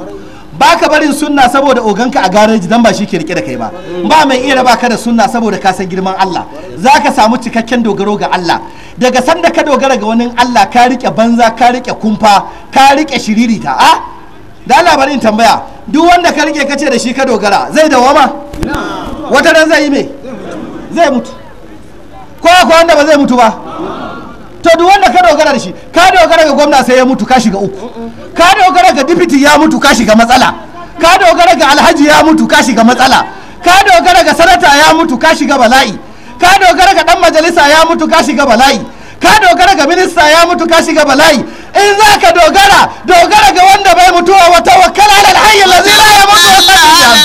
ba ka barin sunna saboda oganka a gareji don ba shi ke rike da kai ba ba mai iya raba ka da sunna saboda ka san girman Allah za ka samu cikakken dogaro ga Allah daga sanda ka dogara ga wani Allah ka rike banza ka rike kumfa ka rike shiririta a da labarin tambaya duk wanda ka rike kace da shi ka dogara zai dawama wata ran zai yi me zai mutu ko akwai wanda ba zai mutu ba to duk wanda ka dogara da shi ka dogara ga gwamna sai ya mutu ka shiga uku ka dogara ga dipiti ya mutu ka shiga matsala ka dogara ga alhaji ya mutu ka shiga matsala ka dogara ga sanata ya mutu ka shiga bala'i ka dogara ga dan majalisa ya mutu ka shiga bala'i ka dogara ga minista ya mutu ka shiga bala'i in za ka dogara dogara ga wanda bai mutuwa wa tawakkala ala alhayy allazi la yamutu wa allazi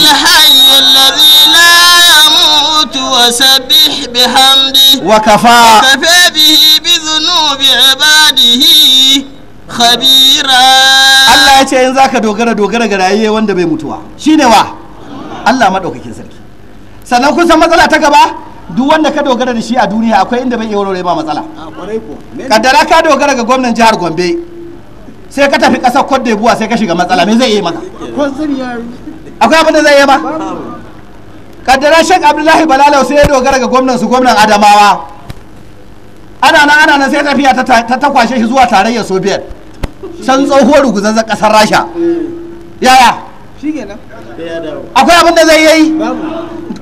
وسبح بحمده وكفى وكفى به بذنوب عباده خبيرا الله يتي إن ذاك دوغرة دوغرة غرائية وند بي متوا شيني وا الله ما دوكي كنسلك sannan kun san matsala ta gaba duk wanda ka dogara da shi a duniya akwai inda bai iya warware ba matsala kaddara ka dogara ga gwamnan jihar gombe sai ka tafi kasar cote d'ivoire sai ka shiga matsala me zai iya maka akwai abin da zai iya ba kaddara shek abdullahi balalau sai ya dogara ga gwamnan su gwamnan adamawa ana nan ana nan sai tafiya ta takwashe shi zuwa tarayyar soviet san tsohuwar kasar rasha yaya akwai abinda zai yi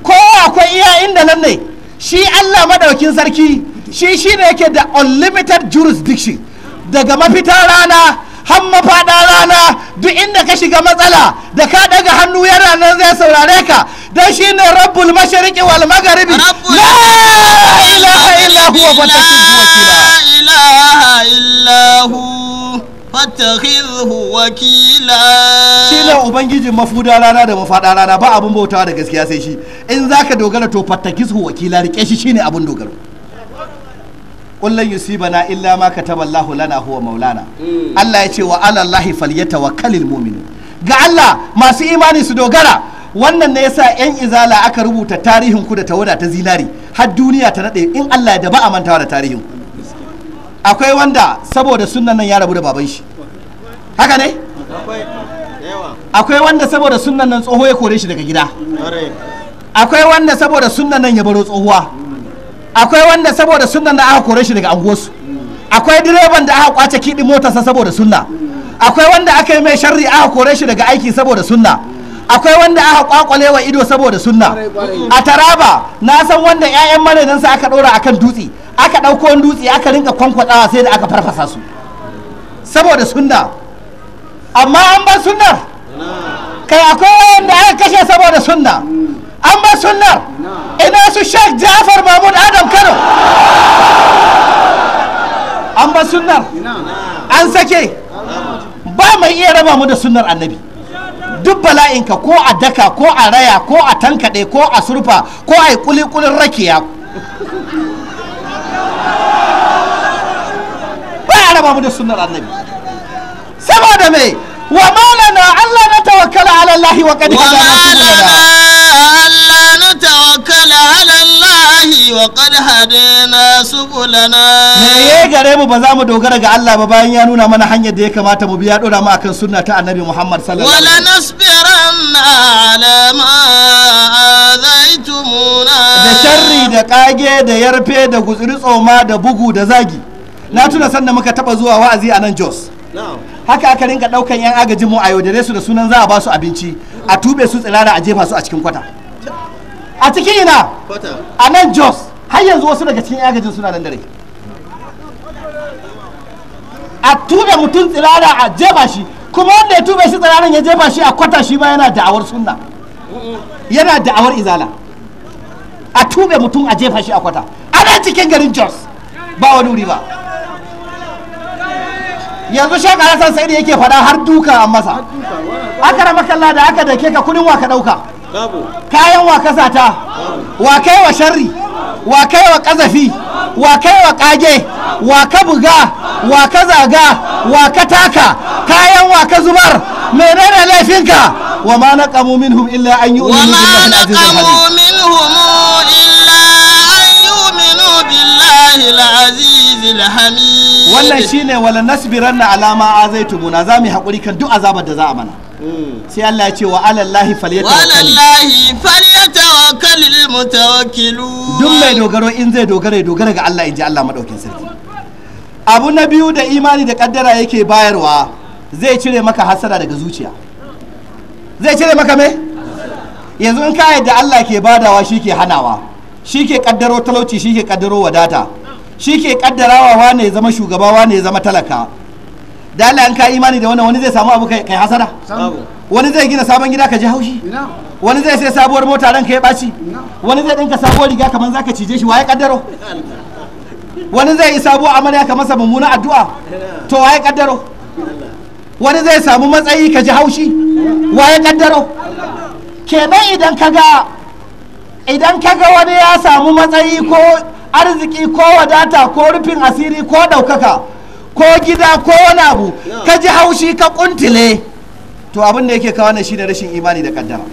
ko akwai iya inda nan ne shi allah madaukin sarki shi shi ne yake da unlimited jurisdiction daga mafitar rana har mafaɗa rana duk inda ka shiga matsala da ka daga hannu yana nan zai saurare ka don shi ne rabbul mashariki wal magharibi la ilaha illa huwa fattakhidhu wakila shi ne ubangijin mafuda rana da mafaɗa rana ba abin bautawa da gaskiya sai shi in zaka dogara to fattakhidhu wakila rike shi shine abin dogaro kullun yusibana illa ma kataballahu lana huwa maulana Allah ya ce wa ala Allahi falyatawakkalul mu'minun ga Allah masu imani su dogara wannan ne yasa yan izala aka rubuta tarihin ku da tawada ta zinari har duniya ta nade in Allah ya da ba a da tarihin ku akwai wanda saboda sunan nan ya rabu da baban shi haka ne akwai wanda saboda sunan nan tsoho ya kore shi daga gida akwai wanda saboda sunan nan ya baro tsohuwa akwai wanda saboda sunna da aka kore shi daga anguwarsu akwai direban da aka kwace kiɗi motarsa saboda sunna akwai wanda aka yi mai sharri aka kore shi daga aiki saboda sunna akwai wanda aka kwakwale wa ido saboda sunna a taraba na san wanda 'ya'yan marinansa aka ɗora akan dutse aka ɗauko dutse aka rinka kwankwatsawa sai da aka farfasa su saboda sunna amma an bar sunnar kai akwai wanda aka kashe saboda sunna an ba sunna ina su sheikh jafar mahmud adam kano an ba sunnar an sake ba mai iya raba mu da sunnar annabi duk bala'inka ko a daka ko a raya ko a tankaɗe ko a surfa ko a yi kulikulin rakiya ba a raba mu da sunnar annabi saboda mai wa malana allah na tawakkala ala allahi wa kadi wa malana lana subulana me ye gare mu ba za mu dogara ga Allah ba bayan ya nuna mana hanyar da ya kamata mu biya dora mu akan sunna ta annabi Muhammad sallallahu alaihi wasallam wala nasbiranna ala ma azaitumuna da sharri da kage da yarfe da gutsuri tsoma da bugu da zagi na tuna sanda muka taba zuwa wa'azi a nan Jos haka aka rinka daukan yan agajin mu a yaudare su da sunan za a ba su abinci a tube su tsirara a jefa su a cikin kwata a cikin ina a nan Jos har yanzu wasu daga cikin agajin suna nan dare a tube mutum tsirara a jefa shi kuma wanda ya tube shi tsiraran ya jefa shi a kwata shi ma yana da'awar sunna yana da'awar izala a tube mutum a jefa shi a kwata ana cikin garin jos ba wani wuri ba yanzu shaka hasan sai yake faɗa har duka a masa aka rama kalla da aka dake ka kudin wa ka ɗauka kayan wa kasata wa kai wa sharri wa kai wa kazafi wa kai wa kage wa ka buga wa ka zaga wa ka taka kayan wa ka zubar menene laifinka wa ma naqamu minhum illa an yu'minu billahi al-azizil hamid wannan shine wala nasbiranna ala za azaitumuna zamu hakuri kan duk azabar da za a mana sai Allah ya ce wa alallahi falyatawakkalil mutawakkilu duk mai dogaro in zai dogara ya dogara ga Allah in ji Allah madaukin sarki abu na biyu da imani da kaddara yake bayarwa zai cire maka hasara daga zuciya zai cire maka me yanzu in ka yadda Allah ke badawa shi ke hanawa shi ke kaddaro talauci shi ke kaddaro wadata shi ke kaddarawa wane ya zama shugaba wane ya zama talaka da Allah an ka imani da wannan wani zai samu abu kai kai hasara wani zai gina sabon gida ka ji haushi wani zai sai sabuwar mota ranka ya ɓaci wani zai ɗinka sabuwar riga kamar zaka cije shi waye kaddaro wani zai yi sabuwar amarya ka masa mummunan addu'a to waye kaddaro wani zai samu matsayi ka ji haushi waye kaddaro kenan idan ka ga idan ka ga wani ya samu matsayi ko arziki ko wadata ko rufin asiri ko ɗaukaka ko gida ko wani abu ka ji haushi ka kuntile to abin da yake kawo shi da rashin imani da kaddara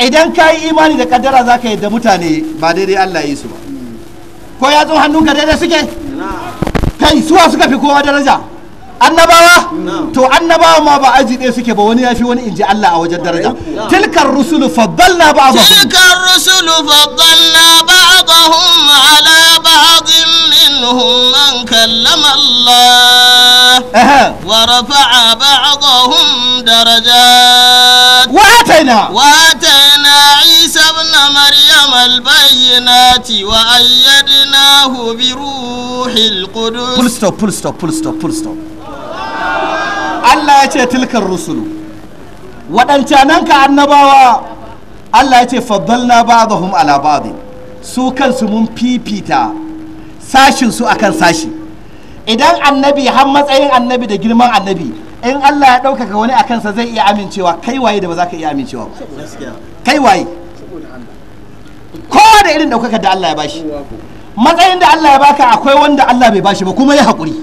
idan ka yi imani da kaddara za ka yi da mutane ba daidai Allah yi su ba ko ya zo ka daidai suke kai suwa suka fi kowa daraja annabawa to annabawa ma ba aji ɗaya suke ba wani ya fi wani inji Allah a wajen daraja tilkar rusulu faddalna na tilkar rusulu faddalna منهم من كلم الله ورفع بعضهم درجات وآتينا وآتينا عيسى ابن مريم البينات وأيدناه بروح القدس full stop full stop full stop full stop Allah ya ce tilkar rusulu waɗancanan annabawa Allah ya ce faddalna su kansu mun fifita sashin su akan sashi idan annabi har matsayin annabi da girman annabi in Allah ya ɗaukaka wani a kansa zai iya amincewa kai waye da ba za ka iya amincewa ba kai waye kowa da irin ɗaukaka da Allah ya bashi matsayin da Allah ya baka akwai wanda Allah bai bashi ba kuma ya haƙuri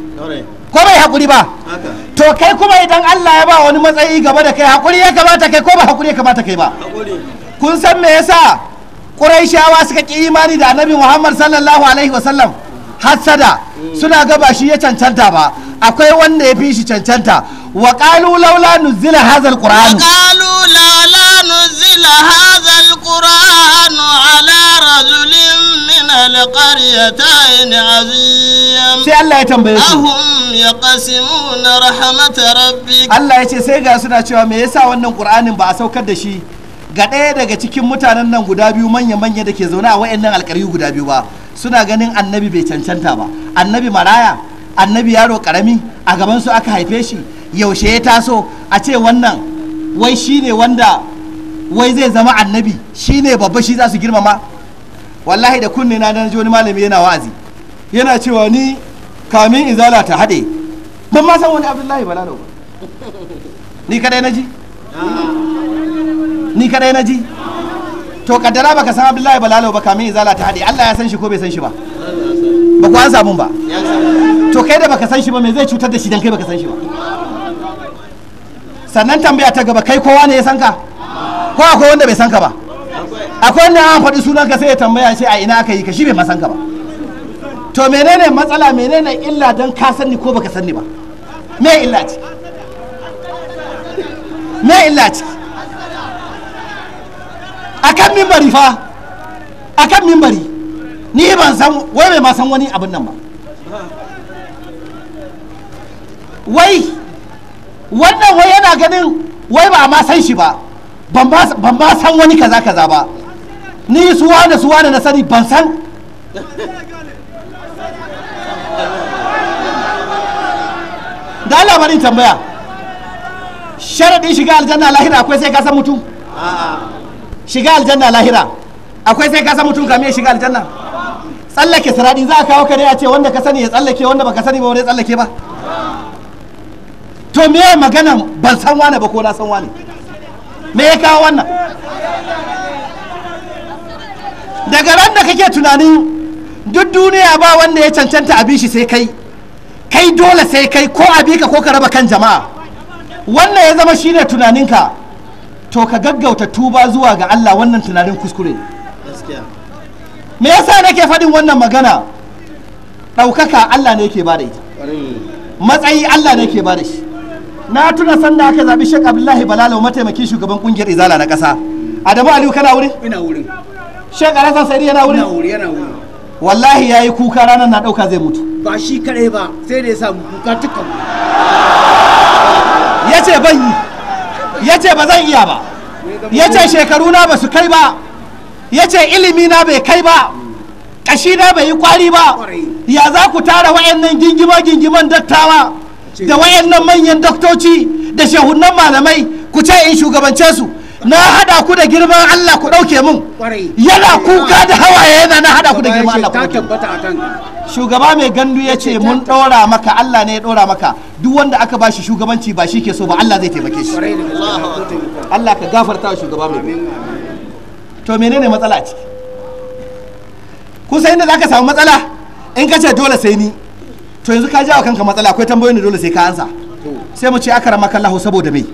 ko bai haƙuri ba to kai kuma idan Allah ya ba wani matsayi gaba da kai haƙuri ya kamata kai ko ba haƙuri ya kamata kai ba kun san me yasa Qurayshawa suka ƙi imani da Annabi Muhammad sallallahu alaihi wasallam hassada suna gaba shi ya cancanta ba akwai wanda ya fi shi cancanta wa qalu laula nuzila hazal alquran wa laula nuzila ala rajulin min azim sai Allah ya tambaye su ahum yaqsimuna rahmat rabbik Allah ya ce sai ga suna cewa me yasa wannan qur'anin ba a saukar da shi ga ɗaya daga cikin mutanen nan guda biyu manya-manya da ke zaune a nan alƙaryu guda biyu ba suna ganin annabi bai cancanta ba annabi maraya annabi yaro karami a gaban su aka haife shi yaushe ya taso a ce wannan wai shine wanda wai zai zama annabi shine babba shi za su girmama wallahi da kunne na danjo wani malami yana wa'azi yana cewa ni kamin izala ta haɗe ban ma san wani abdullahi balalo ba ni kadai na ji ni kadai na ji to kaddara baka san abdullahi balalo ba kamin izala ta hade Allah ya san shi ko bai san shi ba ba ku an samu ba to kai da baka san shi ba me zai cutar da shi dan kai baka san shi ba sannan tambaya ta gaba kai kowa ne ya san ka ko akwai wanda bai san ka ba akwai wanda an faɗi sunanka sai ya tambaya ce a ina aka yi ka shi bai ma san ka ba to menene matsala menene illa dan ka sanni ko baka sanni ba me illa ce me illa ce akan mimbari fa akan mimbari ni ban san wai bai ma san wani abin nan ba wai wannan wai yana ganin wai ba ma san shi ba ban ba san wani kaza kaza ba ni suwa da suwa da na sani ban san da labarin tambaya sharadin shiga aljanna lahira akwai sai ka san mutum shiga aljanna lahira akwai sai ka san mutum kamin ya shiga aljanna tsallake siradi za a kawo ka ne a ce wanda ka sani ya tsallake wanda baka sani ba wani tsallake ba to me magana ban san wane ba ko na san wane me ya kawo wannan daga ran da kake tunanin duk duniya ba wanda ya cancanta abin shi sai kai kai dole sai kai ko abika ko ka raba kan jama'a wannan ya zama shine tunaninka to ka gaggauta tuba zuwa ga Allah wannan tunanin kuskure me yasa nake faɗin wannan magana ɗaukaka Allah ne yake bada ita matsayi Allah ne yake bada shi na tuna sanda aka zaɓi Sheikh Abdullahi Balalo mataimakin shugaban kungiyar Izala na ƙasa Adamu Aliyu kana wurin ina wurin Sheikh Alhassan Sa'idi yana wurin ina wurin yana wurin wallahi yayi kuka ranar na ɗauka zai mutu ba shi kaɗai ba sai da ya samu kuka tukan yace ban yi ya ce ba zan iya ba ya ce shekaru na ba su kai ba ya ce ilimi na bai kai ba kashi na bai yi kwari ba ya za ku tara wayannan gingima gingiman dattawa da wayannan manyan doktoci da shehunan malamai ku ce in shugabance su na hada ku da girman Allah ku dauke mun yana kuka da hawaye yana na hada ku da girman Allah ku shugaba mai gandu ya ce mun dora maka Allah ne ya dora maka duk wanda aka bashi shugabanci ba shi ke so ba Allah zai taimake shi Allah ka gafarta shugaba mai gandu to menene matsala ciki sai inda zaka samu matsala in ka ce dole sai ni to yanzu ka jawo kanka matsala akwai tambayoyi dole sai ka ansa sai mu ce aka maka Allah saboda mai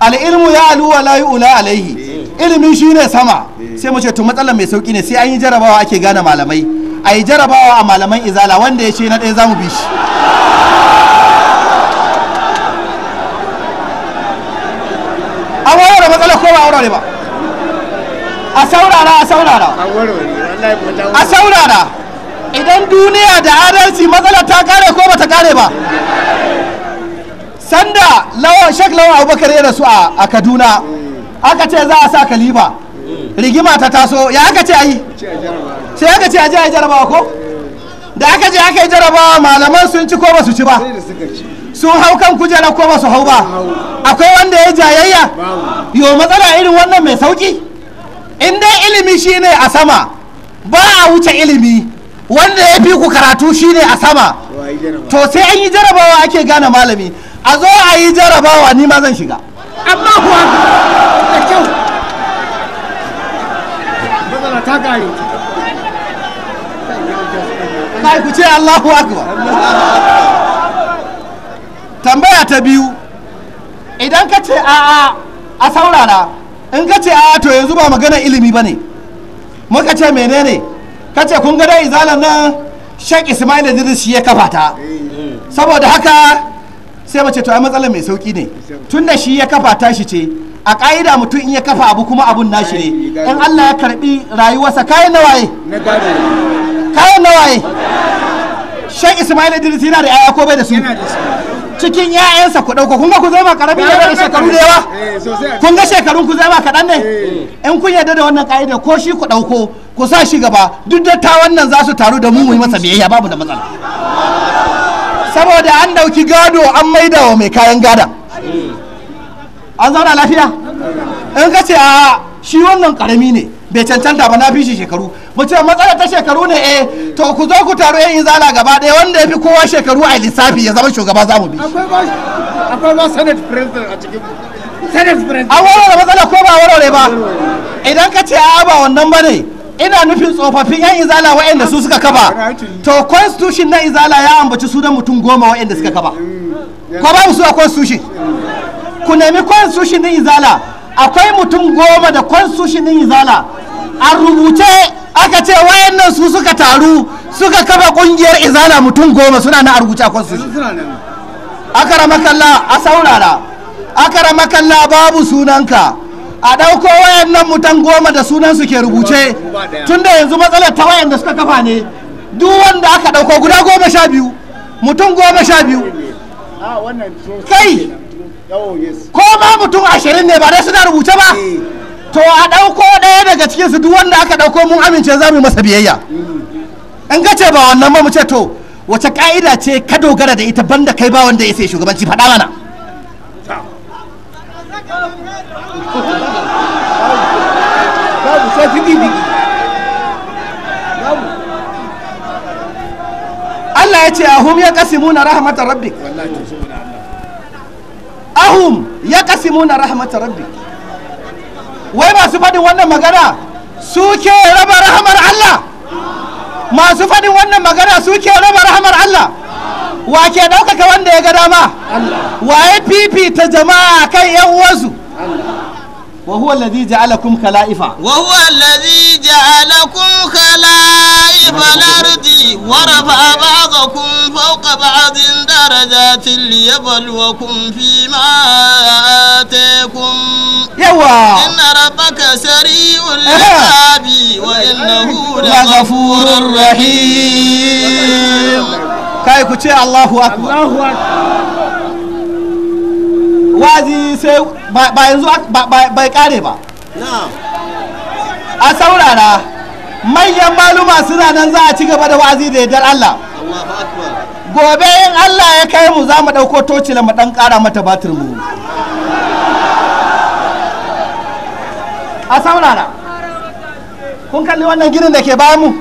al'ilmu ya aluwa layu ula alaihi eh. ilimi ne sama eh. sai mu ce to matsalar mai sauki ne sai an yi jarabawa ake gane malamai a yi jarabawa a malaman izala wanda ya ce na ɗaya za mu bi shi an da matsalar ko ba warware ba a saurara a saurara a saurara idan duniya da adalci matsalar ta kare ko ba ta kare ba sanda lawan shek lawan abubakar ya rasu a kaduna aka ce za a sa kalifa rigima ta taso ya aka ce ayi sai aka ce a yi jarabawa ko da aka je aka yi jarabawa malaman sun ci ko ba su ci ba sun hau kan kujera ko ba su hau ba akwai wanda ya jayayya yo matsala irin wannan mai sauki Inda dai ilimi shine a sama ba a wuce ilimi wanda ya fi ku karatu shine a sama to sai an yi jarabawa ake gane malami a zo a yi jarabawa ni ma zan shiga amma kuwa da kyau matsala ta gari kai ku ce Allahu akbar tambaya ta biyu idan ka ce a'a a saurara in ka ce a'a to yanzu ba magana ilimi ba ne muka ce menene ka ce kun ga dai izalan nan shek ismail idris shi ya kafa eh, eh. saboda haka sai mace to ai matsalar mai sauki ne tunda shi ya kafa tashi ce a ka'ida mutum in ya kafa abu kuma abun nashi ne in Allah ya karbi rayuwarsa kayan nawaye kayan nawaye shan Ismail Idris yana da yaya ko bai da su cikin 'ya'yansa ku dauka kun ga ku zama karami ya da shekaru da yawa eh, kun ga shekarun ku zama kaɗan ne eh. in kun yarda da wannan ka'ida ko shi ku ɗauko ku sa shi gaba duk da ta wannan za su taru da mu mu yi masa biyayya babu da matsala saboda an dauki gado an maida wa mai kayan gada an zauna lafiya in ka ce a shi wannan karami ne bai cancanta ba na fi shi shekaru mu ce matsala ta shekaru ne eh to ku zo ku taro yin zala gaba ɗaya wanda ya fi kowa shekaru a lissafi ya zama shugaba za mu bi akwai ba senate president a cikin senate president an warware matsala ko ba warware ba idan ka ce a ba wannan ba ne ina nufin tsofaffin 'yan izala wa'anda su suka kaba to constitution na izala ya ambaci sunan mutum goma wa'anda suka kaba ko babu su a constitution ku nemi constitution din izala akwai mutum goma da constitution din izala a rubuce aka ce wayannan su suka taru suka kaba kungiyar izala mutum goma suna na a rubuce a constitution akara makalla a saurara akara makalla babu sunanka a ɗauko wayan nan mutan goma da sunan su ke rubuce tun da yanzu matsalar ta wayan da suka kafa ne duk wanda aka ɗauko guda goma sha biyu mutum goma sha biyu ah, kai ko ma mutum ashirin ne ba dai suna rubuce ba eh. to a ɗauko ɗaya daga cikinsu duk wanda aka ɗauko mun amince za mu masa biyayya mm. in ka ce ba wannan ba mu ce to wace ka'ida ce ka dogara da ita banda kai ba wanda ya sai shugabanci faɗa mana sai Allah ya ce ahum ya kasimuna rahmatar rabbik ahum ya kasimuna rahmatar rabbik wai masu faɗin wannan magana su ke raba rahamar Allah masu faɗin wannan magana su ke raba rahamar Allah wa ke ɗaukaka wanda ya ga dama wa ya fifita jama'a kan 'yan uwansu وهو الذي جعلكم خلائف وهو الذي جعلكم خلائف الأرض ورفع بعضكم فوق بعض درجات ليبلوكم فيما آتيكم يوا إن ربك سريع العقاب وإنه لغفور رحيم كايكو الله أكبر الله أكبر وادي سيو ba yanzu bai kare ba a saurara manyan maluma suna nan za a ci gaba da wazi da yadda Allah gobe in Allah ya kai mu za mu ɗauko toci mu ɗan ƙara mata batir mu a saurara kun kalli wannan ginin da ke bayan mu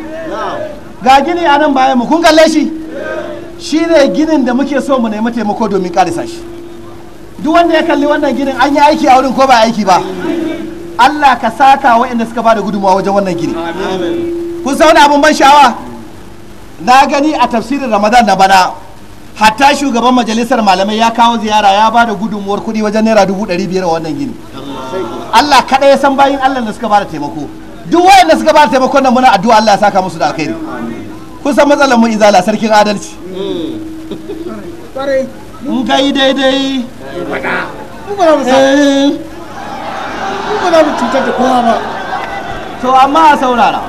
ga gini a nan bayan mu kun kalle shi shi ne ginin da muke so mu nemi taimako domin karisa shi duk wanda ya kalli wannan ginin an yi aiki a wurin ko ba aiki ba Allah ka saka waɗanda suka bada gudunmawa wajen wannan gini kun sauna abin ban sha'awa na gani a tafsirin ramadan na bana hatta shugaban majalisar malamai ya kawo ziyara ya bada gudunmuwar kuɗi wajen naira dubu ɗari biyar a wannan gini Allah kaɗai ya san bayin Allah da suka bada taimako duk waɗanda suka bada taimako nan muna addu'a Allah ya saka musu da alkhairi kun san matsalar mu izala sarkin adalci mm. in kai daidai mu ba eh. mu cutar da kowa ba to amma a saurara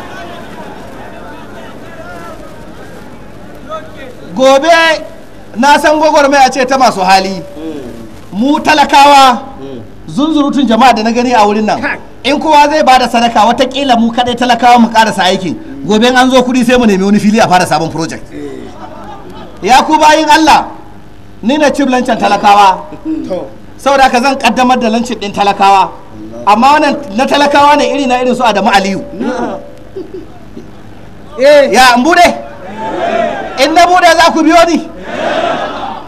gobe na san gwagwarmaya ce ta masu hali mu talakawa zunzurutun jama'a da na gani a wurin nan in kowa zai ba da sadaka watakila mu kaɗai talakawa mu karasa aikin gobe an zo kuɗi sai mu nemi wani fili a fara sabon project eh. ya ku bayin allah ni na cib lancin talakawa saboda ka zan kaddamar da lancin din talakawa amma wannan na talakawa ne iri na irin su adamu aliyu eh. Eh. ya in bude eh. in na bude za ku biyo ni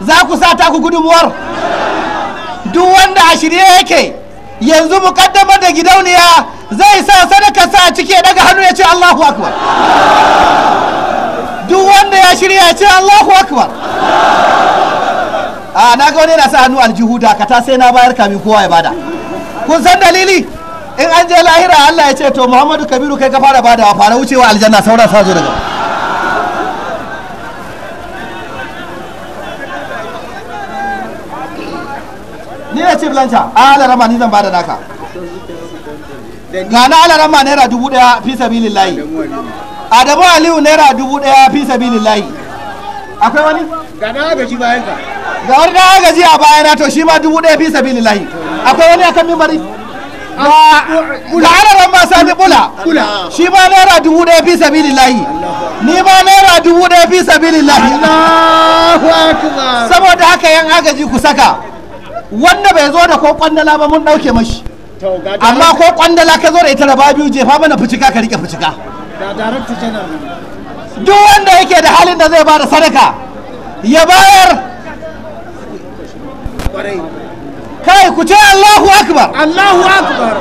za ku sa ta ku gudunmuwar duk wanda a shirye yake yanzu mu kaddamar da gidauniya zai sa sadaka sa ciki daga hannu ya ce Allahu akbar ah. duk wanda ya shirya ya ce Allahu akbar ah. a ah, na ga wani yana sa hannu aljihu ta sai na bayar kamin kowa ya bada kun san dalili in an je lahira Allah ya ce to Muhammadu Kabiru kai ka fara bada wa fara wucewa aljanna sauran sa zo daga ni ne ce blanca ah, ala rama ni zan bada naka gana ala rama naira dubu daya fi a adamu aliyu naira dubu daya fi sabilillahi akwai wani gana ga shi bayan ka ga wani na gaji a bayana to shi ma dubu ɗaya fi sabili lahi akwai wani akan mimbari ga adaran ba sami bula shi ma naira dubu ɗaya fi sabili lahi ni ma naira dubu ɗaya fi sabili lahi saboda haka yan agaji ku saka wanda bai zo da ko kwandala ba mun ɗauke mashi amma ko kwandala ka zo da ita raba biyu jefa mana fucika ka rike fucika duk wanda yake da halin da zai ba da sadaka ya bayar kai ku ce Allahu akbar Allahu akbar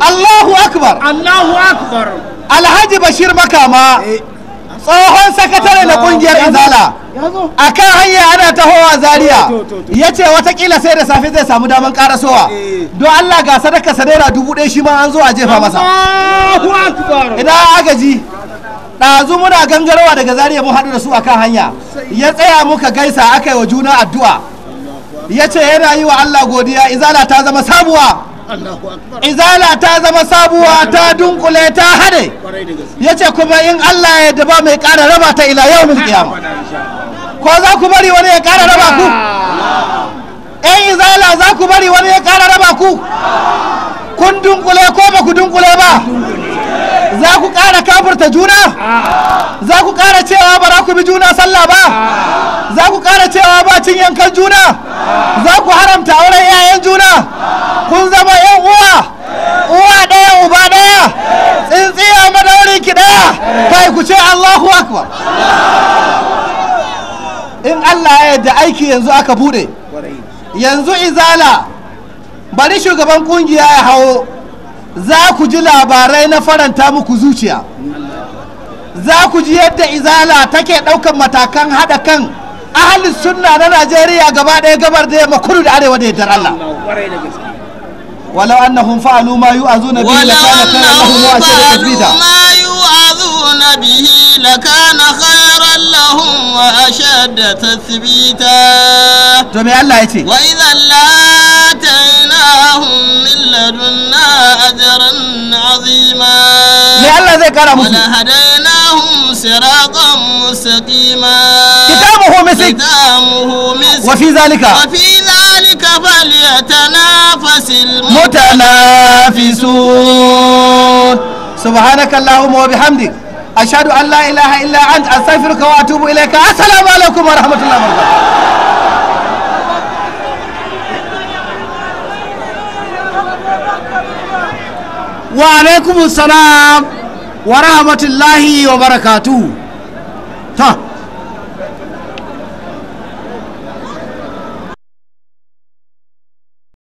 Allahu akbar Allahu akbar Alhaji Bashir Makama eh. tsohon sakatare na kungiyar izala a kan hanya ana tahowa Zariya, ya ce watakila sai da safe zai samu daman karasowa eh. don allah ga sadaka sadaira dubu ɗaya shi ma an zo a jefa masa idan agaji ɗazu muna gangarowa daga Zariya mun haɗu da su a kan hanya ya tsaya muka gaisa aka yi wa juna addu'a ya ce yana yi wa Allah godiya izala ta zama sabuwa izala ta zama sabuwa ta dunkule ta hade ya ce kuma in Allah ya daba mai kara raba ta ila yau kiyama ko za ku bari wani ya kara raba ku yan eh, izala za ku bari wani ya kara raba ku kun dunkule ko ba ku dunkule ba za ku ƙara kafurta juna za ku ƙara cewa ba ku bi juna sallah ba za ku ƙara cewa ba cin yankan juna za ku haramta auren yayan juna kun zama yan uwa uwa ɗaya uba ɗaya tsintsiya madaurin ki ɗaya kai ku ce allahu akbar in allah ya yadda aiki yanzu aka buɗe yanzu izala bari shugaban kungiya ya hawo za ku ji labarai na faranta muku zuciya za ku ji yadda izala take ɗaukar matakan haɗa kan ahalin sunna na najeriya gaba ɗaya gabar da yamma kudu da arewa da yardar allah ولو أنهم فعلوا ما يؤذون به لكان خيرا لهم وأشد لدنا أجرا عظيما ولهديناهم صراطا مستقيما كتابه مسك كتابه مسك وفي ذلك وفي ذلك فليتنافس المتنافسون سبحانك اللهم وبحمدك أشهد أن لا إله إلا أنت أستغفرك وأتوب إليك السلام عليكم ورحمة الله وبركاته wa alaikumus salam wa rahmatullahi wa barakatuhu ta